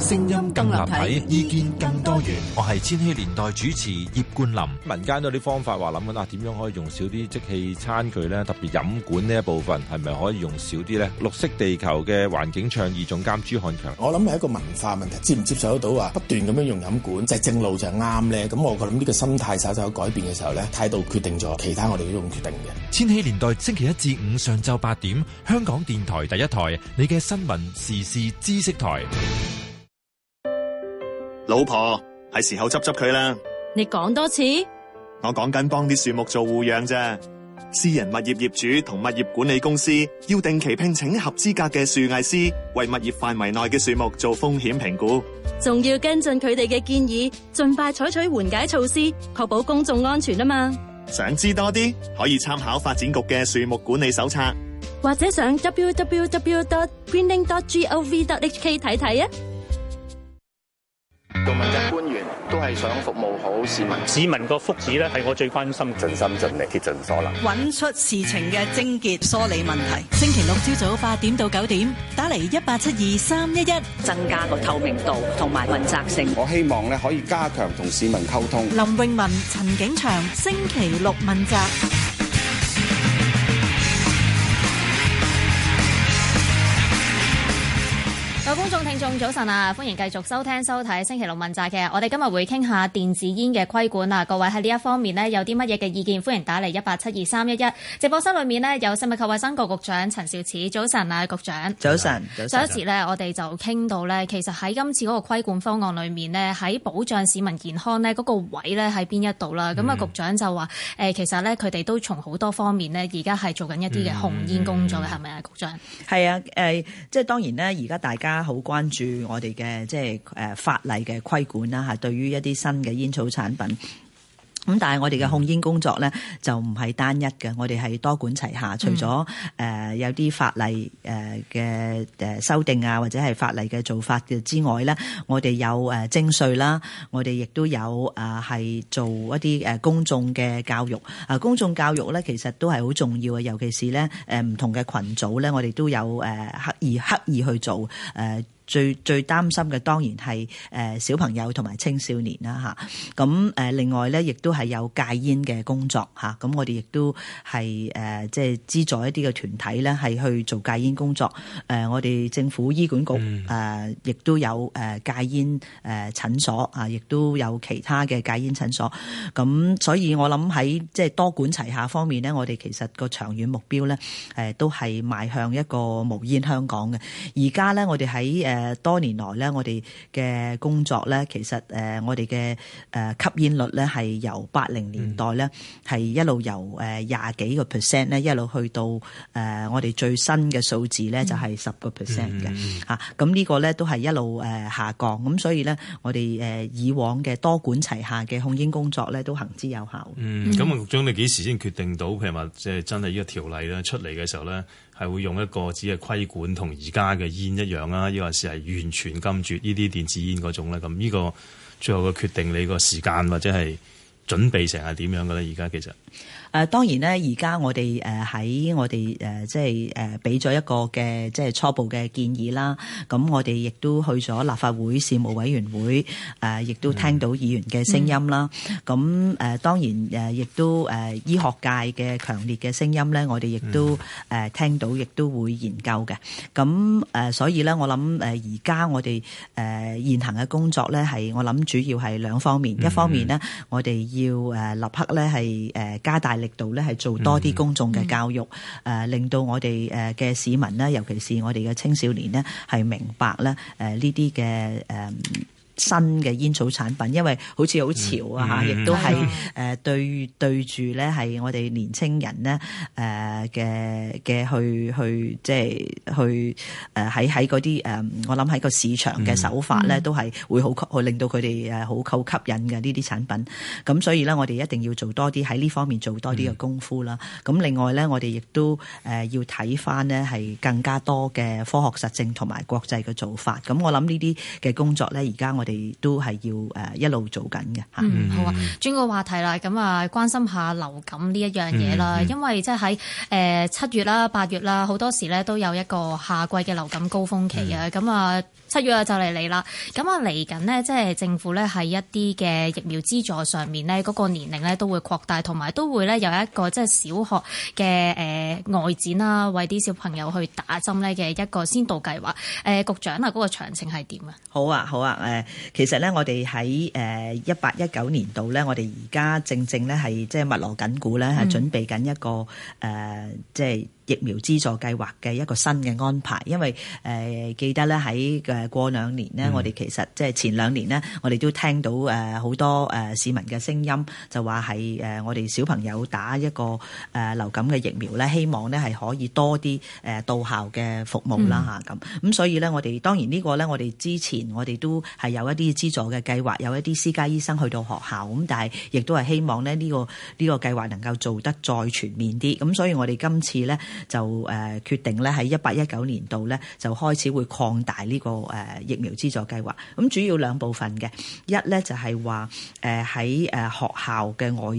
聲音更立體，意見更多元。我係千禧年代主持葉冠林。民間有啲方法話諗緊啊，點樣可以用少啲即棄餐具咧？特別飲管呢一部分係咪可以用少啲咧？綠色地球嘅環境倡議總監朱漢強，我諗係一個文化問題，接唔接受得到啊？不斷咁樣用飲管，就係、正路就啱咧。咁，我諗呢個心態稍稍有改變嘅時候咧，態度決定咗，其他我哋都用決定嘅。千禧年代星期一至五上晝八點，香港電台第一台，你嘅新聞時事知識台。老婆，係時候執執佢啦。你講多次，我講緊幫啲樹木做護養啫。私人物業業主同物業管理公司要定期聘請合資格嘅樹藝師，為物業範圍內嘅樹木做風險評估，仲要跟進佢哋嘅建議，盡快採取緩解措施，確保公眾安全啊嘛。想知多啲，可以參考發展局嘅樹木管理手冊，或者上 www.greening.gov.hk 睇睇啊。做問責官員都係想服務好市民，嗯、市民個福祉咧，係我最關心，盡心盡力，竭盡所能，揾出事情嘅症結、梳理問題。星期六朝早八點到九點，打嚟一八七二三一一，增加個透明度同埋問責性。我希望咧，可以加強同市民溝通。林泳文、陳景祥，星期六問責。觀眾聽眾早晨啊，歡迎繼續收聽收睇星期六問責嘅，我哋今日會傾下電子煙嘅規管啊！各位喺呢一方面呢，有啲乜嘢嘅意見，歡迎打嚟一八七二三一一。直播室裏面呢，有食物及衛生局局長陳肇始，早晨啊，局長。早晨，早晨。上一次呢，我哋就傾到呢，其實喺今次嗰個規管方案裏面呢，喺保障市民健康呢嗰個位呢，喺邊一度啦。咁啊，局長就話誒，其實呢，佢哋都從好多方面呢，而家係做緊一啲嘅控煙工作嘅，係咪啊，局長？係啊，誒、呃，即係當然呢，而家大家。好關注我哋嘅即係誒法例嘅規管啦吓，對於一啲新嘅煙草產品。咁、嗯、但係我哋嘅控煙工作咧就唔係單一嘅，我哋係多管齊下。除咗誒、呃、有啲法例誒嘅、呃、修訂啊，或者係法例嘅做法嘅之外咧，我哋有誒徵稅啦，我哋亦都有誒係、呃、做一啲誒公眾嘅教育。啊、呃，公眾教育咧其實都係好重要嘅，尤其是咧誒唔同嘅群組咧，我哋都有誒、呃、刻意刻意去做誒。呃最最擔心嘅當然係誒、呃、小朋友同埋青少年啦吓，咁、啊、誒、啊、另外咧亦都係有戒煙嘅工作吓，咁、啊啊、我哋亦都係誒即係資助一啲嘅團體咧係去做戒煙工作。誒、啊、我哋政府醫管局誒亦、啊、都有誒、啊、戒煙誒、啊、診所啊，亦都有其他嘅戒煙診所。咁、啊、所以我諗喺即係多管齊下方面咧，我哋其實個長遠目標咧誒、啊、都係邁向一個無煙香港嘅。而家咧我哋喺誒。啊誒，多年來咧，我哋嘅工作咧，其實誒，我哋嘅誒吸煙率咧，係由八零年代咧，係、嗯、一路由誒廿幾個 percent 咧，一路去到誒、呃、我哋最新嘅數字咧，就係十個 percent 嘅吓。咁呢個咧都係一路誒下降。咁所以咧，我哋誒以往嘅多管齊下嘅控煙工作咧，都行之有效。嗯，咁局長你幾時先決定到，譬如話即係真係呢個條例咧出嚟嘅時候咧？係會用一個只係規管同而家嘅煙一樣啦，抑或是係完全禁絕呢啲電子煙嗰種咧？咁呢個最後嘅決定，你個時間或者係準備成係點樣嘅咧？而家其實。誒、呃，當然咧，而家我哋誒喺我哋誒、呃、即係誒俾咗一個嘅即係、呃呃、初步嘅建議啦。咁我哋亦都去咗立法會事務委員會誒亦、呃、都聽到議員嘅聲音啦。咁、嗯、誒、啊、當然誒亦、呃、都誒、呃、醫學界嘅強烈嘅聲音咧，我哋亦都誒、嗯呃、聽到，亦都會研究嘅。咁誒、呃、所以咧，我諗誒而家我哋誒、呃、現行嘅工作咧，係我諗主要係兩方面、嗯。一方面咧，我哋要誒立刻咧係誒加大。力度咧係做多啲公眾嘅教育，誒、嗯、令到我哋誒嘅市民咧，尤其是我哋嘅青少年咧，係明白咧誒呢啲嘅誒。嗯新嘅煙草產品，因為好似好潮啊吓，亦、嗯嗯、都係誒、嗯呃、對對住咧，係我哋年青人咧誒嘅嘅去去即係去誒喺喺嗰啲誒我諗喺個市場嘅手法咧、嗯，都係會好去令到佢哋誒好夠吸引嘅呢啲產品。咁所以咧，我哋一定要做多啲喺呢方面做多啲嘅功夫啦。咁、嗯、另外咧，我哋亦都誒、呃、要睇翻咧係更加多嘅科學實證同埋國際嘅做法。咁我諗呢啲嘅工作咧，而家我。你都係要誒一路做緊嘅，吓嗯，好啊，轉個話題啦，咁啊關心下流感呢一樣嘢啦，因為即係喺誒七月啦、八月啦，好多時咧都有一個夏季嘅流感高峰期啊，咁、嗯、啊。七月啊就嚟嚟啦，咁啊嚟緊呢，即係政府咧喺一啲嘅疫苗資助上面呢，嗰個年齡呢都會擴大，同埋都會呢有一個即係小學嘅誒外展啦，為啲小朋友去打針呢嘅一個先導計劃。誒局長啊，嗰個詳情係點啊？好啊好啊，誒其實呢，我哋喺誒一八一九年度呢，我哋而家正正呢係即係密鑼緊鼓咧，係準備緊一個誒即係。嗯疫苗資助計劃嘅一個新嘅安排，因為誒、呃、記得咧喺誒過兩年呢、嗯，我哋其實即係前兩年呢，我哋都聽到誒好、呃、多誒市民嘅聲音，就話係誒我哋小朋友打一個誒、呃、流感嘅疫苗咧，希望咧係可以多啲誒、呃、到校嘅服務啦嚇咁。咁、嗯啊、所以咧、這個，我哋當然呢個咧，我哋之前我哋都係有一啲資助嘅計劃，有一啲私家醫生去到學校咁，但係亦都係希望咧、這、呢個呢、呢個計劃能夠做得再全面啲。咁所以我哋今次咧。就誒決定咧，喺一八一九年度咧就開始會擴大呢個誒疫苗資助計劃。咁主要兩部分嘅，一咧就係話誒喺誒學校嘅外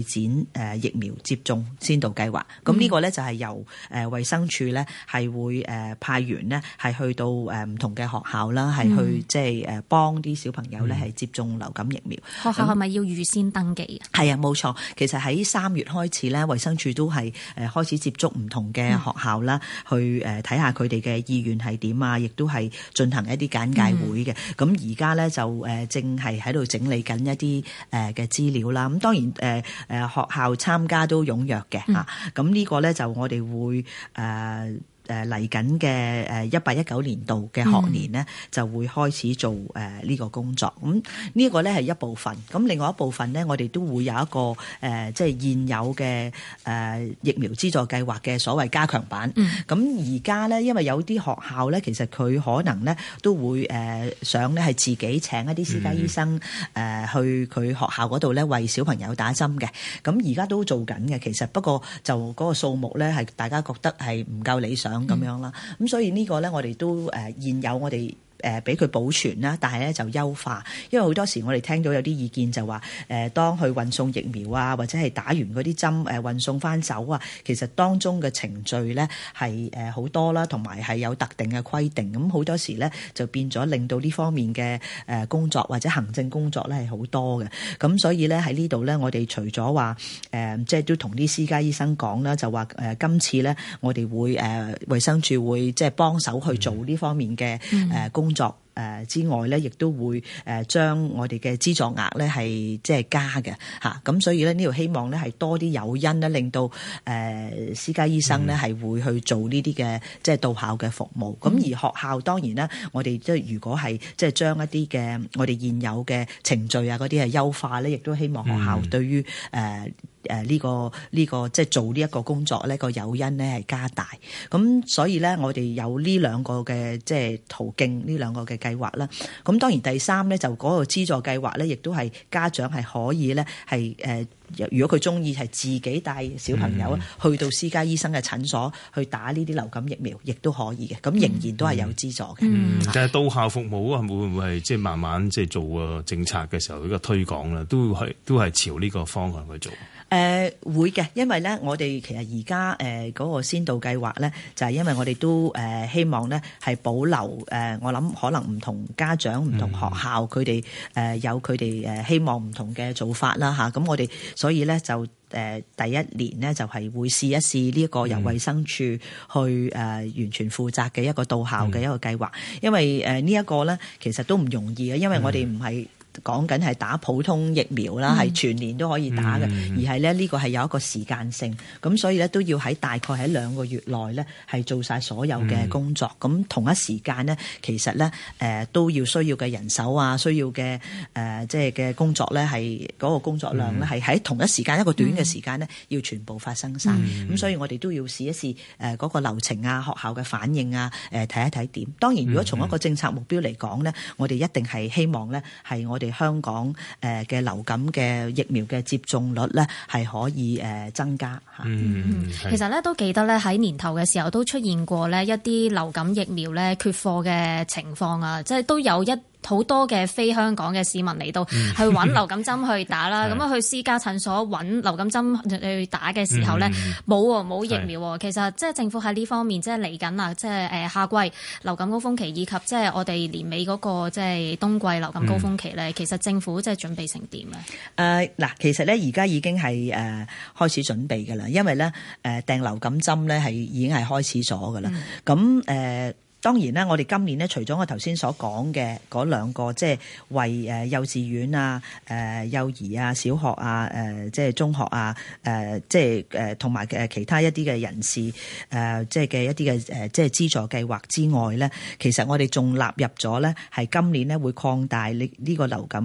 展誒疫苗接種先導計劃。咁、嗯、呢、這個咧就係由誒衛生署咧係會誒派員呢，係去到誒唔同嘅學校啦，係、嗯、去即係誒幫啲小朋友咧係接種流感疫苗。學校係咪要預先登記、嗯、啊？係啊，冇錯。其實喺三月開始咧，衛生署都係誒開始接觸唔同嘅學校啦，去誒睇下佢哋嘅意願係點啊，亦都係進行一啲簡介會嘅。咁而家咧就誒正係喺度整理緊一啲誒嘅資料啦。咁當然誒誒學校參加都踴躍嘅吓。咁、嗯、呢、這個咧就我哋會誒。誒嚟緊嘅誒一八一九年度嘅學年呢，就會開始做誒呢個工作。咁呢個呢係一部分。咁另外一部分呢，我哋都會有一個誒、呃，即係現有嘅誒、呃、疫苗資助計劃嘅所謂加強版。咁而家呢，因為有啲學校呢，其實佢可能呢都會誒想呢係自己請一啲私家醫生誒、嗯呃、去佢學校嗰度呢，為小朋友打針嘅。咁而家都在做緊嘅，其實不過就嗰個數目呢，係大家覺得係唔夠理想。咁樣啦，咁所以呢個咧，我哋都誒現有我哋。誒俾佢保存啦，但係咧就優化，因為好多時我哋聽到有啲意見就話，誒當去運送疫苗啊，或者係打完嗰啲針誒運送翻走啊，其實當中嘅程序咧係誒好多啦，同埋係有特定嘅規定，咁好多時咧就變咗令到呢方面嘅誒工作或者行政工作咧係好多嘅，咁所以咧喺呢度咧，我哋除咗話誒，即係都同啲私家醫生講啦，就話誒今次咧我哋會誒衛生署會即係幫手去做呢方面嘅誒工作。嗯工作。之外咧，亦都會誒將我哋嘅資助額咧係即係加嘅嚇，咁所以咧呢條、這個、希望咧係多啲誘因咧令到誒、呃、私家醫生咧係會去做呢啲嘅即係到校嘅服務。咁、嗯、而學校當然咧，我哋即係如果係即係將一啲嘅我哋現有嘅程序啊嗰啲係優化咧，亦都希望學校對於呢、嗯呃這個呢、這個即係做呢一個工作呢、這個誘因咧係加大。咁所以咧我哋有呢兩個嘅即係途徑，呢兩個嘅。計劃啦，咁當然第三咧就嗰個資助計劃咧，亦都係家長係可以咧，係誒，如果佢中意係自己帶小朋友去到私家醫生嘅診所去打呢啲流感疫苗，亦都可以嘅。咁仍然都係有資助嘅。嗯，就、嗯、係到校服務啊，會唔會係即係慢慢即係做個政策嘅時候一個推廣啦？都係都係朝呢個方向去做。誒、呃、會嘅，因為咧，我哋其實而家誒嗰個先導計劃咧，就係、是、因為我哋都誒、呃、希望咧係保留誒、呃，我諗可能唔同家長、唔、嗯、同學校佢哋誒有佢哋希望唔同嘅做法啦咁、啊、我哋所以咧就誒、呃、第一年咧就係、是、會試一試呢、嗯呃、一個由衛生署去誒完全負責嘅一個到校嘅一個計劃，因為、呃這個、呢一個咧其實都唔容易呀，因為我哋唔係。講緊係打普通疫苗啦，係、嗯、全年都可以打嘅、嗯嗯，而係咧呢、這個係有一個時間性，咁所以咧都要喺大概喺兩個月內咧係做晒所有嘅工作，咁、嗯、同一時間咧其實咧誒、呃、都要需要嘅人手啊，需要嘅誒即係嘅工作咧係嗰個工作量咧係喺同一時間、嗯、一個短嘅時間咧要全部發生晒。咁、嗯、所以我哋都要試一試誒嗰個流程啊、學校嘅反應啊、誒、呃、睇一睇點。當然，如果從一個政策目標嚟講咧，我哋一定係希望咧係我哋。香港誒嘅流感嘅疫苗嘅接種率咧，係可以誒增加吓、嗯。嗯，其實咧都記得咧，喺年頭嘅時候都出現過咧一啲流感疫苗咧缺貨嘅情況啊，即係都有一。好多嘅非香港嘅市民嚟到、嗯、去揾流感針去打啦，咁啊去私家診所揾流感針去打嘅時候咧，冇喎，冇疫苗喎。其實即係政府喺呢方面，即係嚟緊啊，即係誒夏季流感高峰期，以及即係我哋年尾嗰個即係冬季流感高峰期咧、嗯，其實政府即係準備成點咧？誒、呃、嗱，其實咧而家已經係誒、呃、開始準備㗎喇，因為咧誒訂流感針咧係已經係開始咗㗎喇。咁、嗯、誒。當然咧，我哋今年咧，除咗我頭先所講嘅嗰兩個，即係為幼稚園啊、呃、幼兒啊、小學啊、呃、即係中學啊、呃、即係同埋其他一啲嘅人士、呃、即係嘅一啲嘅即係資助計劃之外咧，其實我哋仲納入咗咧，係今年咧會擴大你呢個流感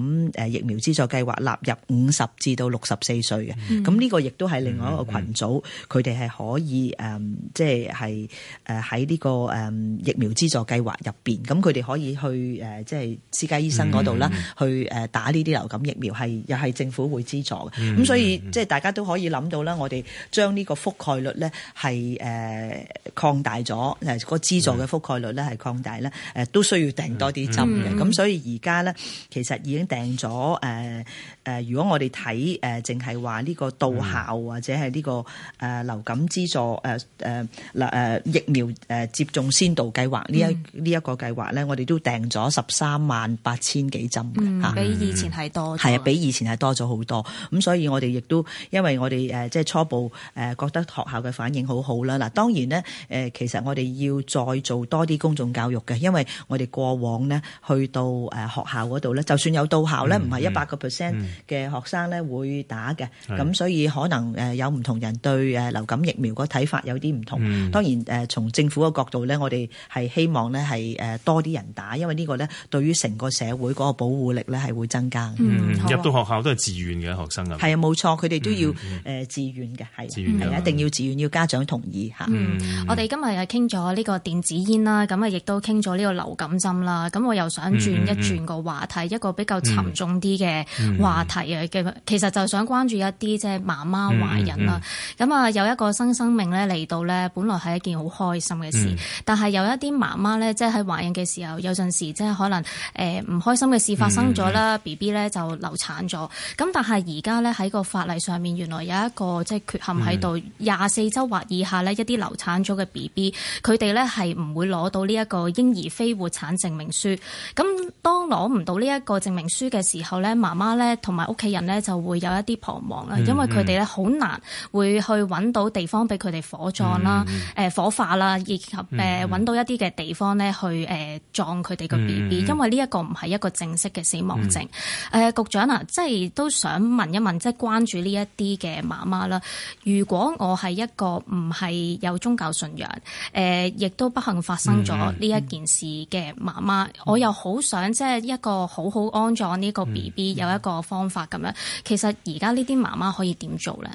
疫苗資助計劃納入五十至到六十四歲嘅。咁、嗯、呢、呢個亦都係另外一個群組，佢哋係可以、呃、即係係喺呢個、呃、疫苗。資助計劃入邊，咁佢哋可以去誒，即係私家醫生嗰度啦，去誒打呢啲流感疫苗，係又係政府會資助嘅。咁、嗯嗯、所以即係大家都可以諗到啦，我哋將呢個覆蓋率咧係誒擴大咗，誒個資助嘅覆蓋率咧係擴大咧，誒都需要訂多啲針嘅。咁、嗯嗯、所以而家咧，其實已經訂咗誒。呃誒，如果我哋睇誒，淨係話呢個到校、嗯、或者係、這、呢個誒、呃、流感資助誒誒嗱疫苗誒接種先導計劃呢、嗯、一呢一、這個計劃咧，我哋都訂咗十三萬八千幾針嘅嚇，比以前係多，係、嗯、啊，比以前係多咗好多，多。咁所以我哋亦都因為我哋誒、呃、即係初步誒、呃、覺得學校嘅反應好好啦。嗱，當然咧、呃、其實我哋要再做多啲公眾教育嘅，因為我哋過往咧去到誒、呃、學校嗰度咧，就算有到校咧，唔係一百個 percent。嗯嗯嘅學生咧會打嘅，咁所以可能有唔同人對流感疫苗個睇法有啲唔同、嗯。當然從政府嘅角度咧，我哋係希望咧係多啲人打，因為呢個咧對於成個社會嗰個保護力咧係會增加、嗯啊。入到學校都係自願嘅學生啊，係啊冇錯，佢哋都要誒自願嘅，係、嗯、係、嗯、一定要自願，要家長同意吓、嗯、我哋今日又傾咗呢個電子煙啦，咁啊亦都傾咗呢個流感針啦。咁我又想轉一轉個話題，嗯、一個比較沉重啲嘅話題。嗯嗯提啊，其實就想關注一啲即係媽媽懷孕啦。咁、嗯、啊、嗯，有一個新生，生命咧嚟到咧，本來係一件好開心嘅事。嗯、但係有一啲媽媽咧，即係喺懷孕嘅時候，有陣時即係可能唔開心嘅事發生咗啦，B B 咧就流產咗。咁但係而家咧喺個法例上面，原來有一個即係缺陷喺度，廿四周或以下呢，一啲流產咗嘅 B B，佢哋咧係唔會攞到呢一個嬰兒非活產證明書。咁當攞唔到呢一個證明書嘅時候咧，媽媽咧同，同埋屋企人咧就會有一啲彷徨啦，因為佢哋咧好難會去揾到地方俾佢哋火葬啦、誒、mm-hmm. 火化啦，以及誒揾到一啲嘅地方咧去誒葬佢哋個 B B，因為呢一個唔係一個正式嘅死亡證誒、mm-hmm. 呃、局長啊，即係都想問一問，即係關注呢一啲嘅媽媽啦。如果我係一個唔係有宗教信仰，誒亦都不幸發生咗呢一件事嘅媽媽，我又好想即係一個好好安葬呢個 B B，有一個方。法咁樣，其實而家呢啲媽媽可以點做咧？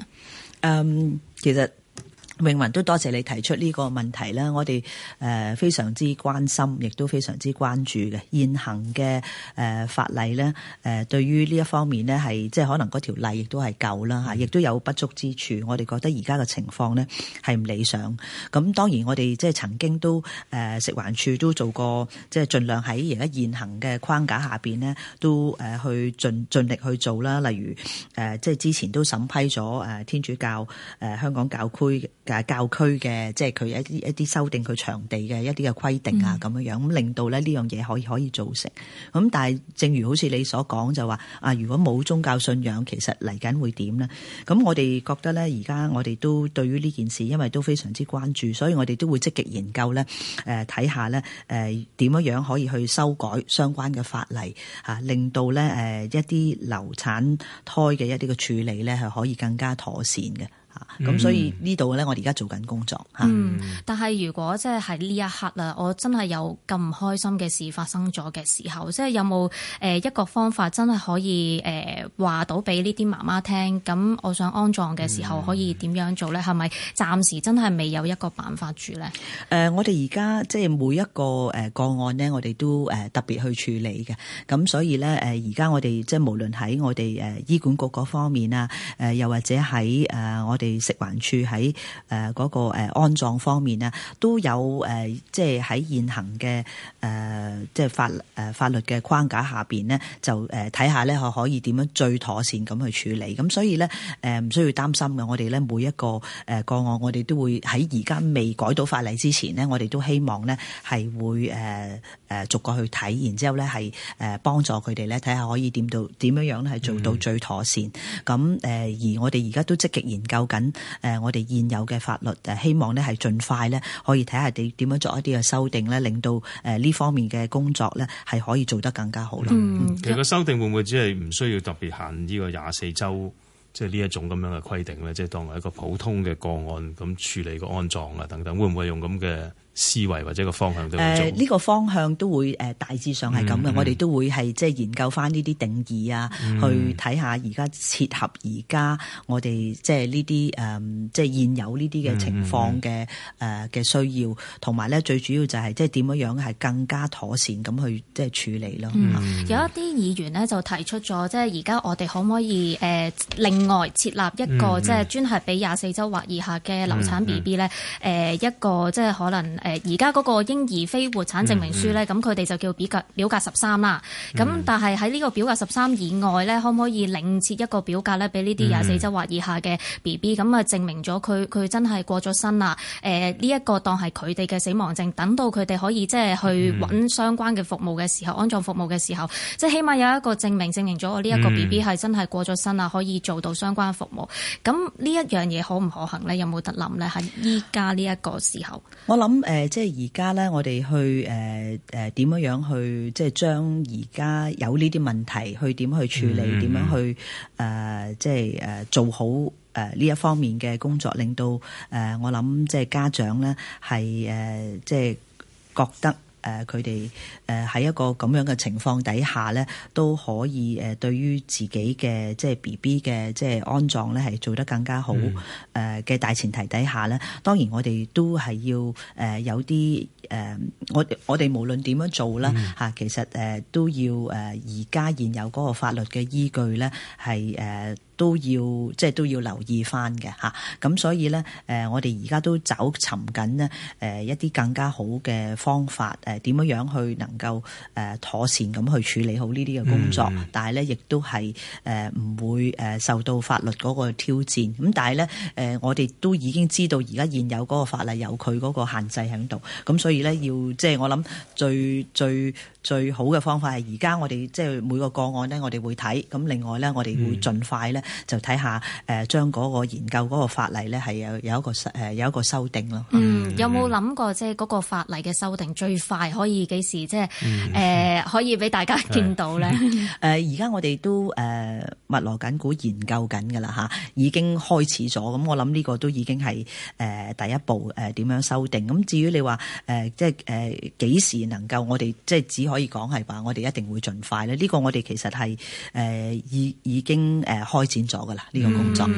嗯、um, 其實。明文都多謝你提出呢個問題啦，我哋誒非常之關心，亦都非常之關注嘅現行嘅誒法例咧，誒對於呢一方面呢，係即係可能嗰條例亦都係舊啦嚇，亦都有不足之處。我哋覺得而家嘅情況呢係唔理想。咁當然我哋即係曾經都誒食環署都做過，即係儘量喺而家現行嘅框架下面呢，都誒去盡盡力去做啦。例如誒即係之前都審批咗誒天主教誒香港教區。教區嘅，即係佢一啲一啲修訂佢場地嘅一啲嘅規定啊，咁樣樣咁令到咧呢樣嘢可以可以做成。咁但係，正如好似你所講就話啊，如果冇宗教信仰，其實嚟緊會點呢？咁我哋覺得咧，而家我哋都對於呢件事，因為都非常之關注，所以我哋都會積極研究咧，誒睇下咧，誒點樣樣可以去修改相關嘅法例吓，令到咧誒一啲流產胎嘅一啲嘅處理咧係可以更加妥善嘅。咁、嗯、所以呢度咧，我哋而家做緊工作嗯，嗯，但係，如果即係喺呢一刻啦，我真係有咁唔開心嘅事發生咗嘅時候，即係有冇一個方法真係可以話到俾呢啲媽媽聽？咁我想安葬嘅時候可以點樣做咧？係咪暫時真係未有一個辦法住咧、呃？我哋而家即係每一個誒個案呢，我哋都特別去處理嘅。咁所以咧而家我哋即係無論喺我哋醫管局嗰方面啊、呃，又或者喺誒我。呃哋食環署喺誒嗰個安葬方面啊，都有誒、呃，即係喺現行嘅誒、呃，即係法誒、呃、法律嘅框架下邊咧，就誒睇下咧可可以點樣最妥善咁去處理。咁所以咧誒唔需要擔心嘅，我哋咧每一個誒、呃、個案，我哋都會喺而家未改到法例之前呢，我哋都希望咧係會誒。呃誒逐個去睇，然之後咧係誒幫助佢哋咧，睇下可以點到點樣樣係做到最妥善。咁、嗯、誒而我哋而家都積極研究緊誒我哋現有嘅法律，誒希望咧係盡快咧可以睇下點點樣作一啲嘅修訂咧，令到誒呢方面嘅工作咧係可以做得更加好啦、嗯。嗯，其實個修訂會唔會只係唔需要特別限呢個廿四周，即係呢一種咁樣嘅規定咧，即係當為一個普通嘅個案咁處理個安葬啊等等，會唔會用咁嘅？思維或者個方向都誒、呃，呢、這個方向都會誒、呃、大致上係咁嘅。我哋都會係即係研究翻呢啲定義啊、嗯，去睇下而家切合而家我哋即係呢啲誒，即、呃、係現有呢啲嘅情況嘅誒嘅需要，同埋咧最主要就係即係點樣樣係更加妥善咁去即係處理咯、嗯嗯嗯。有一啲議員呢就提出咗，即係而家我哋可唔可以誒、呃、另外設立一個、嗯嗯、即係專係俾廿四周或以下嘅流產 B B 咧誒一個即係可能。誒而家嗰個嬰兒非活產證明書咧，咁佢哋就叫表格表格十三啦。咁、mm-hmm. 但係喺呢個表格十三以外咧，可唔可以另設一個表格咧，俾呢啲廿四週或以下嘅 B B 咁啊？證明咗佢佢真係過咗身啦，誒呢一個當係佢哋嘅死亡證，等到佢哋可以即係、就是、去揾相關嘅服務嘅時候，mm-hmm. 安葬服務嘅時候，即係起碼有一個證明，證明咗我呢一個 B B 係真係過咗身啊，可以做到相關服務。咁呢一樣嘢可唔可行咧？有冇得諗咧？喺依家呢一個時候，我諗。誒、呃，即係而家咧，我哋去誒誒點樣樣去，即係將而家有呢啲問題去點去處理，點、嗯、樣去誒、呃、即係誒做好誒呢、呃、一方面嘅工作，令到誒、呃、我諗即係家長咧係誒即係覺得。誒佢哋誒喺一個咁樣嘅情況底下咧，都可以誒對於自己嘅即係 BB 嘅即係安葬咧係做得更加好誒嘅大前提底下咧、嗯，當然我哋都係要誒有啲誒、呃、我我哋無論點樣做啦嚇、嗯，其實誒都要誒而家現有嗰個法律嘅依據咧係誒。呃都要即係都要留意翻嘅吓，咁、啊、所以咧誒、呃、我哋而家都找尋緊咧誒一啲更加好嘅方法誒點樣樣去能夠誒、呃、妥善咁去處理好呢啲嘅工作，嗯、但係咧亦都係誒唔會誒受到法律嗰個挑戰，咁但係咧誒我哋都已經知道而家現有嗰個法例有佢嗰個限制響度，咁所以咧要即係我諗最最最好嘅方法係而家我哋即係每個個案咧，我哋會睇。咁另外咧，我哋會盡快咧。就睇下誒將嗰個研究嗰個法例咧，係有有一個誒、呃、有一個修訂咯。Mm-hmm. 嗯，有冇諗過即係嗰個法例嘅修訂最快可以幾時？即係誒可以俾大家見到咧？誒而家我哋都誒物羅緊股研究緊嘅啦嚇，已經開始咗。咁我諗呢個都已經係誒、呃、第一步誒點、呃、樣修訂，咁至於你話誒即係誒幾時能夠我哋即係只可以講係話我哋一定會盡快咧？呢、呢個我哋其實係誒已已經誒開始。噶啦，呢個工作，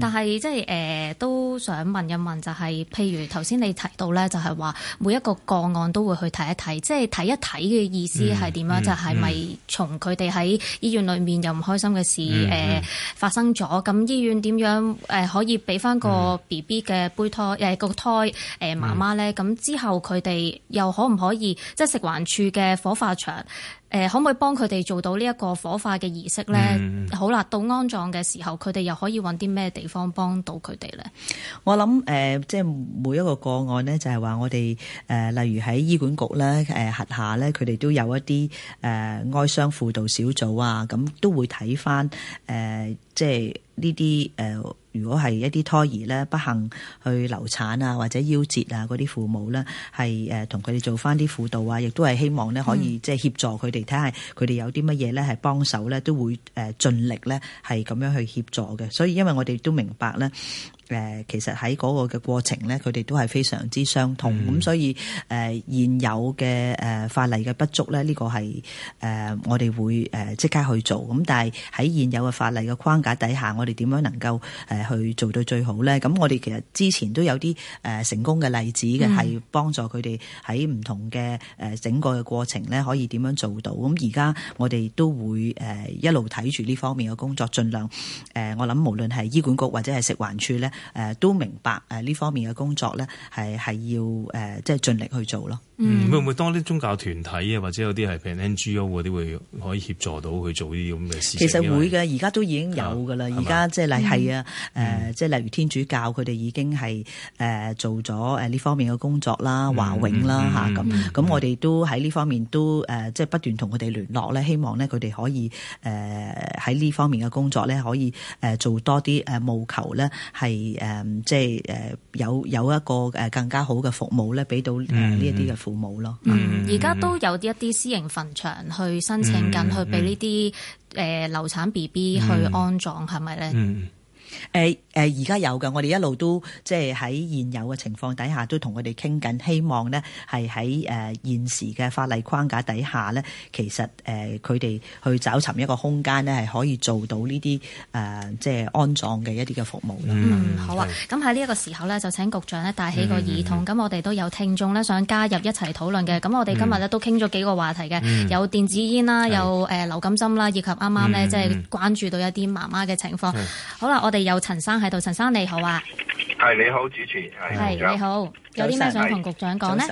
但係即係誒都想問一問、就是，就係譬如頭先你提到咧，就係話每一個個案都會去睇一睇，即係睇一睇嘅意思係點樣？就係咪從佢哋喺醫院裏面又唔開心嘅事誒、嗯嗯呃、發生咗，咁醫院點樣誒、呃、可以俾翻個 B B 嘅胚胎誒個胎誒媽媽咧？咁、嗯呃嗯、之後佢哋又可唔可以即係食環處嘅火化場？誒可唔可以幫佢哋做到呢一個火化嘅儀式咧？嗯、好啦，到安葬嘅時候，佢哋又可以揾啲咩地方幫到佢哋咧？我諗誒、呃，即係每一個個案咧，就係、是、話我哋誒、呃，例如喺醫管局咧誒轄下咧，佢哋都有一啲誒、呃、哀傷輔導小組啊，咁都會睇翻誒，即係呢啲誒。呃如果係一啲胎兒咧，不幸去流產啊或者夭折啊，嗰啲父母咧，係同佢哋做翻啲輔導啊，亦都係希望咧可以即係協助佢哋睇下佢哋有啲乜嘢咧係幫手咧，都會誒盡力咧係咁樣去協助嘅。所以因為我哋都明白咧，其實喺嗰個嘅過程咧，佢哋都係非常之傷痛。咁、嗯、所以誒、呃、現有嘅法例嘅不足咧，呢、呢個係誒、呃、我哋會即刻去做。咁但係喺現有嘅法例嘅框架底下，我哋點樣能夠誒，呃去做到最好咧，咁我哋其實之前都有啲、呃、成功嘅例子嘅，係、嗯、幫助佢哋喺唔同嘅、呃、整個嘅過程咧，可以點樣做到？咁而家我哋都會、呃、一路睇住呢方面嘅工作，盡量、呃、我諗無論係醫管局或者係食環署咧、呃，都明白呢方面嘅工作咧，係要誒、呃、即係盡力去做咯。嗯，嗯會唔會當啲宗教團體啊，或者有啲係 NGO 嗰啲會可以協助到去做呢啲咁嘅事情？其實會嘅，而家都已經有㗎喇，而家即係例係啊。誒、呃，即係例如天主教，佢哋已經係誒、呃、做咗誒呢方面嘅工作啦，華永啦咁。咁、嗯嗯嗯啊、我哋都喺呢方面都誒，即、呃、係、就是、不斷同佢哋聯絡咧，希望咧佢哋可以誒喺呢方面嘅工作咧，可以誒做多啲誒務求咧，係誒即係誒有有一個更加好嘅服務咧，俾到呢一啲嘅父母咯。嗯，而、嗯、家、嗯、都有啲一啲私營墳場去申請緊、嗯嗯，去俾呢啲誒流產 B B 去安葬，係咪咧？是誒誒，而家有嘅，我哋一路都即係喺現有嘅情況底下，都同佢哋傾緊，希望呢係喺誒現時嘅法例框架底下呢，其實誒佢哋去找尋一個空間呢，係可以做到呢啲誒即係安葬嘅一啲嘅服務咯。嗯，好啊。咁喺呢一個時候呢，就請局長呢帶起個耳筒。咁、嗯、我哋都有聽眾呢，想加入一齊討論嘅。咁我哋今日呢，都傾咗幾個話題嘅、嗯，有電子煙啦，有誒流感針啦，以及啱啱呢，即係關注到一啲媽媽嘅情況。好啦、啊，我哋。有陳生喺度，陳生你好啊，係你好，主持係你好，有啲咩想同局長講咧？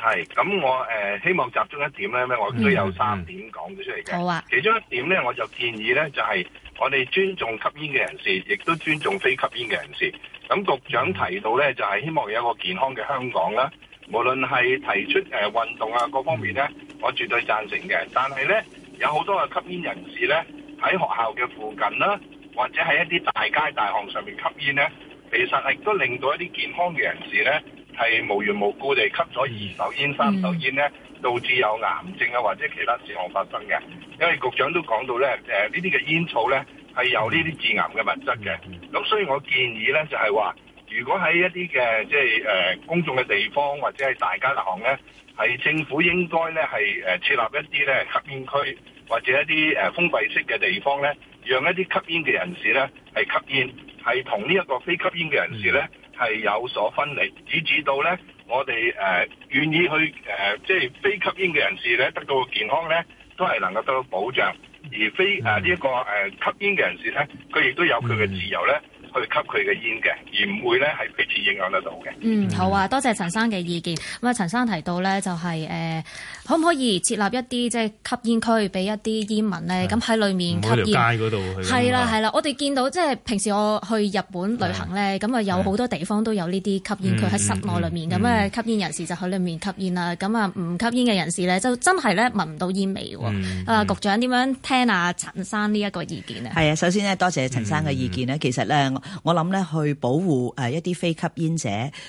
係咁，是那我誒、呃、希望集中一點咧，我都有三點講咗出嚟嘅。好、嗯、啊，其中一點咧，我就建議咧，就係、是、我哋尊重吸煙嘅人士，亦都尊重非吸煙嘅人士。咁局長提到咧，就係、是、希望有一個健康嘅香港啦。無論係提出誒、呃、運動啊，各方面咧、嗯，我絕對贊成嘅。但係咧，有好多嘅吸煙人士咧，喺學校嘅附近啦。或者喺一啲大街大巷上面吸煙呢，其實亦都令到一啲健康嘅人士呢，係無緣無故地吸咗二手煙、三手煙呢，導致有癌症啊或者其他事項發生嘅。因為局長都講到呢，誒呢啲嘅煙草呢，係有呢啲致癌嘅物質嘅。咁所以我建議呢，就係話，如果喺一啲嘅即係公眾嘅地方或者係大街大巷呢，係政府應該呢，係設立一啲呢吸煙區或者一啲、呃、封閉式嘅地方呢。讓一啲吸煙嘅人士咧係吸煙，係同呢一個非吸煙嘅人士咧係有所分離，以至到咧我哋誒、呃、願意去誒，即、呃、係、就是、非吸煙嘅人士咧得到健康咧，都係能夠得到保障，而非誒呢一個、呃、吸煙嘅人士咧，佢亦都有佢嘅自由咧，去吸佢嘅煙嘅，而唔會咧係彼此影響得到嘅。嗯，好啊，多謝陳生嘅意見。咁啊，陳生提到咧就係、是、誒、呃，可唔可以設立一啲即係吸煙區俾一啲煙民咧？咁喺裏面吸煙。條街嗰度，係啦，係啦，我哋見到即係平時我去日本旅行咧，咁、嗯、啊有好多地方都有呢啲吸煙區喺、嗯、室內裏面，咁、嗯、啊、嗯、吸煙人士就喺裏面吸煙啦。咁啊唔吸煙嘅人士咧，就真係咧聞唔到煙味喎、嗯。啊，嗯、局長點樣聽啊陳生呢一個意見呢？係啊，首先咧多謝陳生嘅意見咧、嗯，其實咧。我諗咧，去保護誒一啲非吸煙者，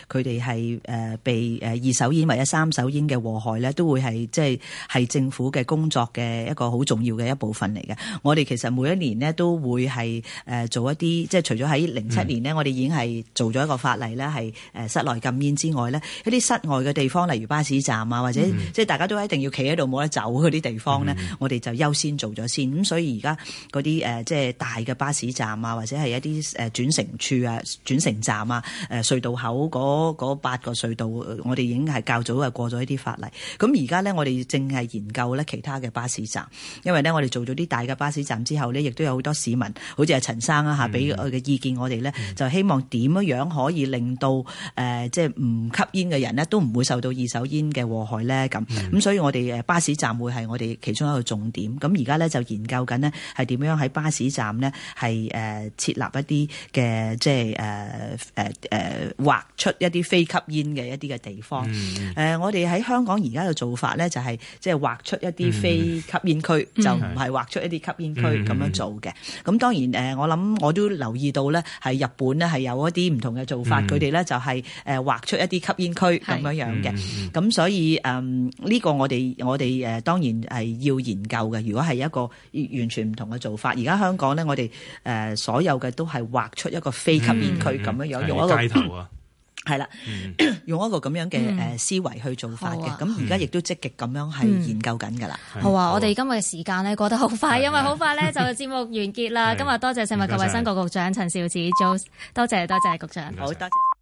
佢哋係誒被誒二手煙或者三手煙嘅禍害咧，都會係即係係政府嘅工作嘅一個好重要嘅一部分嚟嘅。我哋其實每一年呢都會係誒做一啲，即係除咗喺零七年呢，我哋已經係做咗一個法例咧，係誒室內禁煙之外咧，一啲室外嘅地方，例如巴士站啊，或者即係大家都一定要企喺度冇得走嗰啲地方咧，我哋就先優先做咗先。咁所以而家嗰啲誒即係大嘅巴士站啊，或者係一啲轉乘處啊，轉乘站啊，誒隧道口嗰八個隧道，我哋已經係較早啊過咗一啲法例。咁而家咧，我哋正係研究咧其他嘅巴士站，因為咧我哋做咗啲大嘅巴士站之後咧，亦都有好多市民，好似阿陳生啊吓，俾我嘅意見，我哋咧就希望點樣樣可以令到誒、呃、即係唔吸煙嘅人咧都唔會受到二手煙嘅禍害咧咁。咁、嗯、所以我哋誒巴士站會係我哋其中一個重點。咁而家咧就研究緊呢係點樣喺巴士站咧係誒設立一啲。嘅即係誒誒誒畫出一啲非吸煙嘅一啲嘅地方，誒、嗯呃，我哋喺香港而家嘅做法咧就係即係畫出一啲非吸煙區、嗯，就唔係畫出一啲吸煙區咁樣做嘅。咁、嗯嗯嗯、當然誒我諗我都留意到咧，係日本咧係有一啲唔同嘅做法，佢哋咧就係誒畫出一啲吸煙區咁樣樣嘅。咁、嗯、所以誒呢、嗯這個我哋我哋誒當然係要研究嘅。如果係一個完全唔同嘅做法，而家香港咧我哋誒所有嘅都係畫。出一個非吸煙區咁樣樣，用一個係啦、啊嗯，用一個咁樣嘅誒思維去做法嘅，咁而家亦都積極咁樣係研究緊噶啦。好啊，我哋今日嘅時間咧過得好快，因為好快咧就節目完結啦。 *laughs* 今日多謝食物及衞生局局長陳肇始，做多謝多謝，多謝局長，好多謝。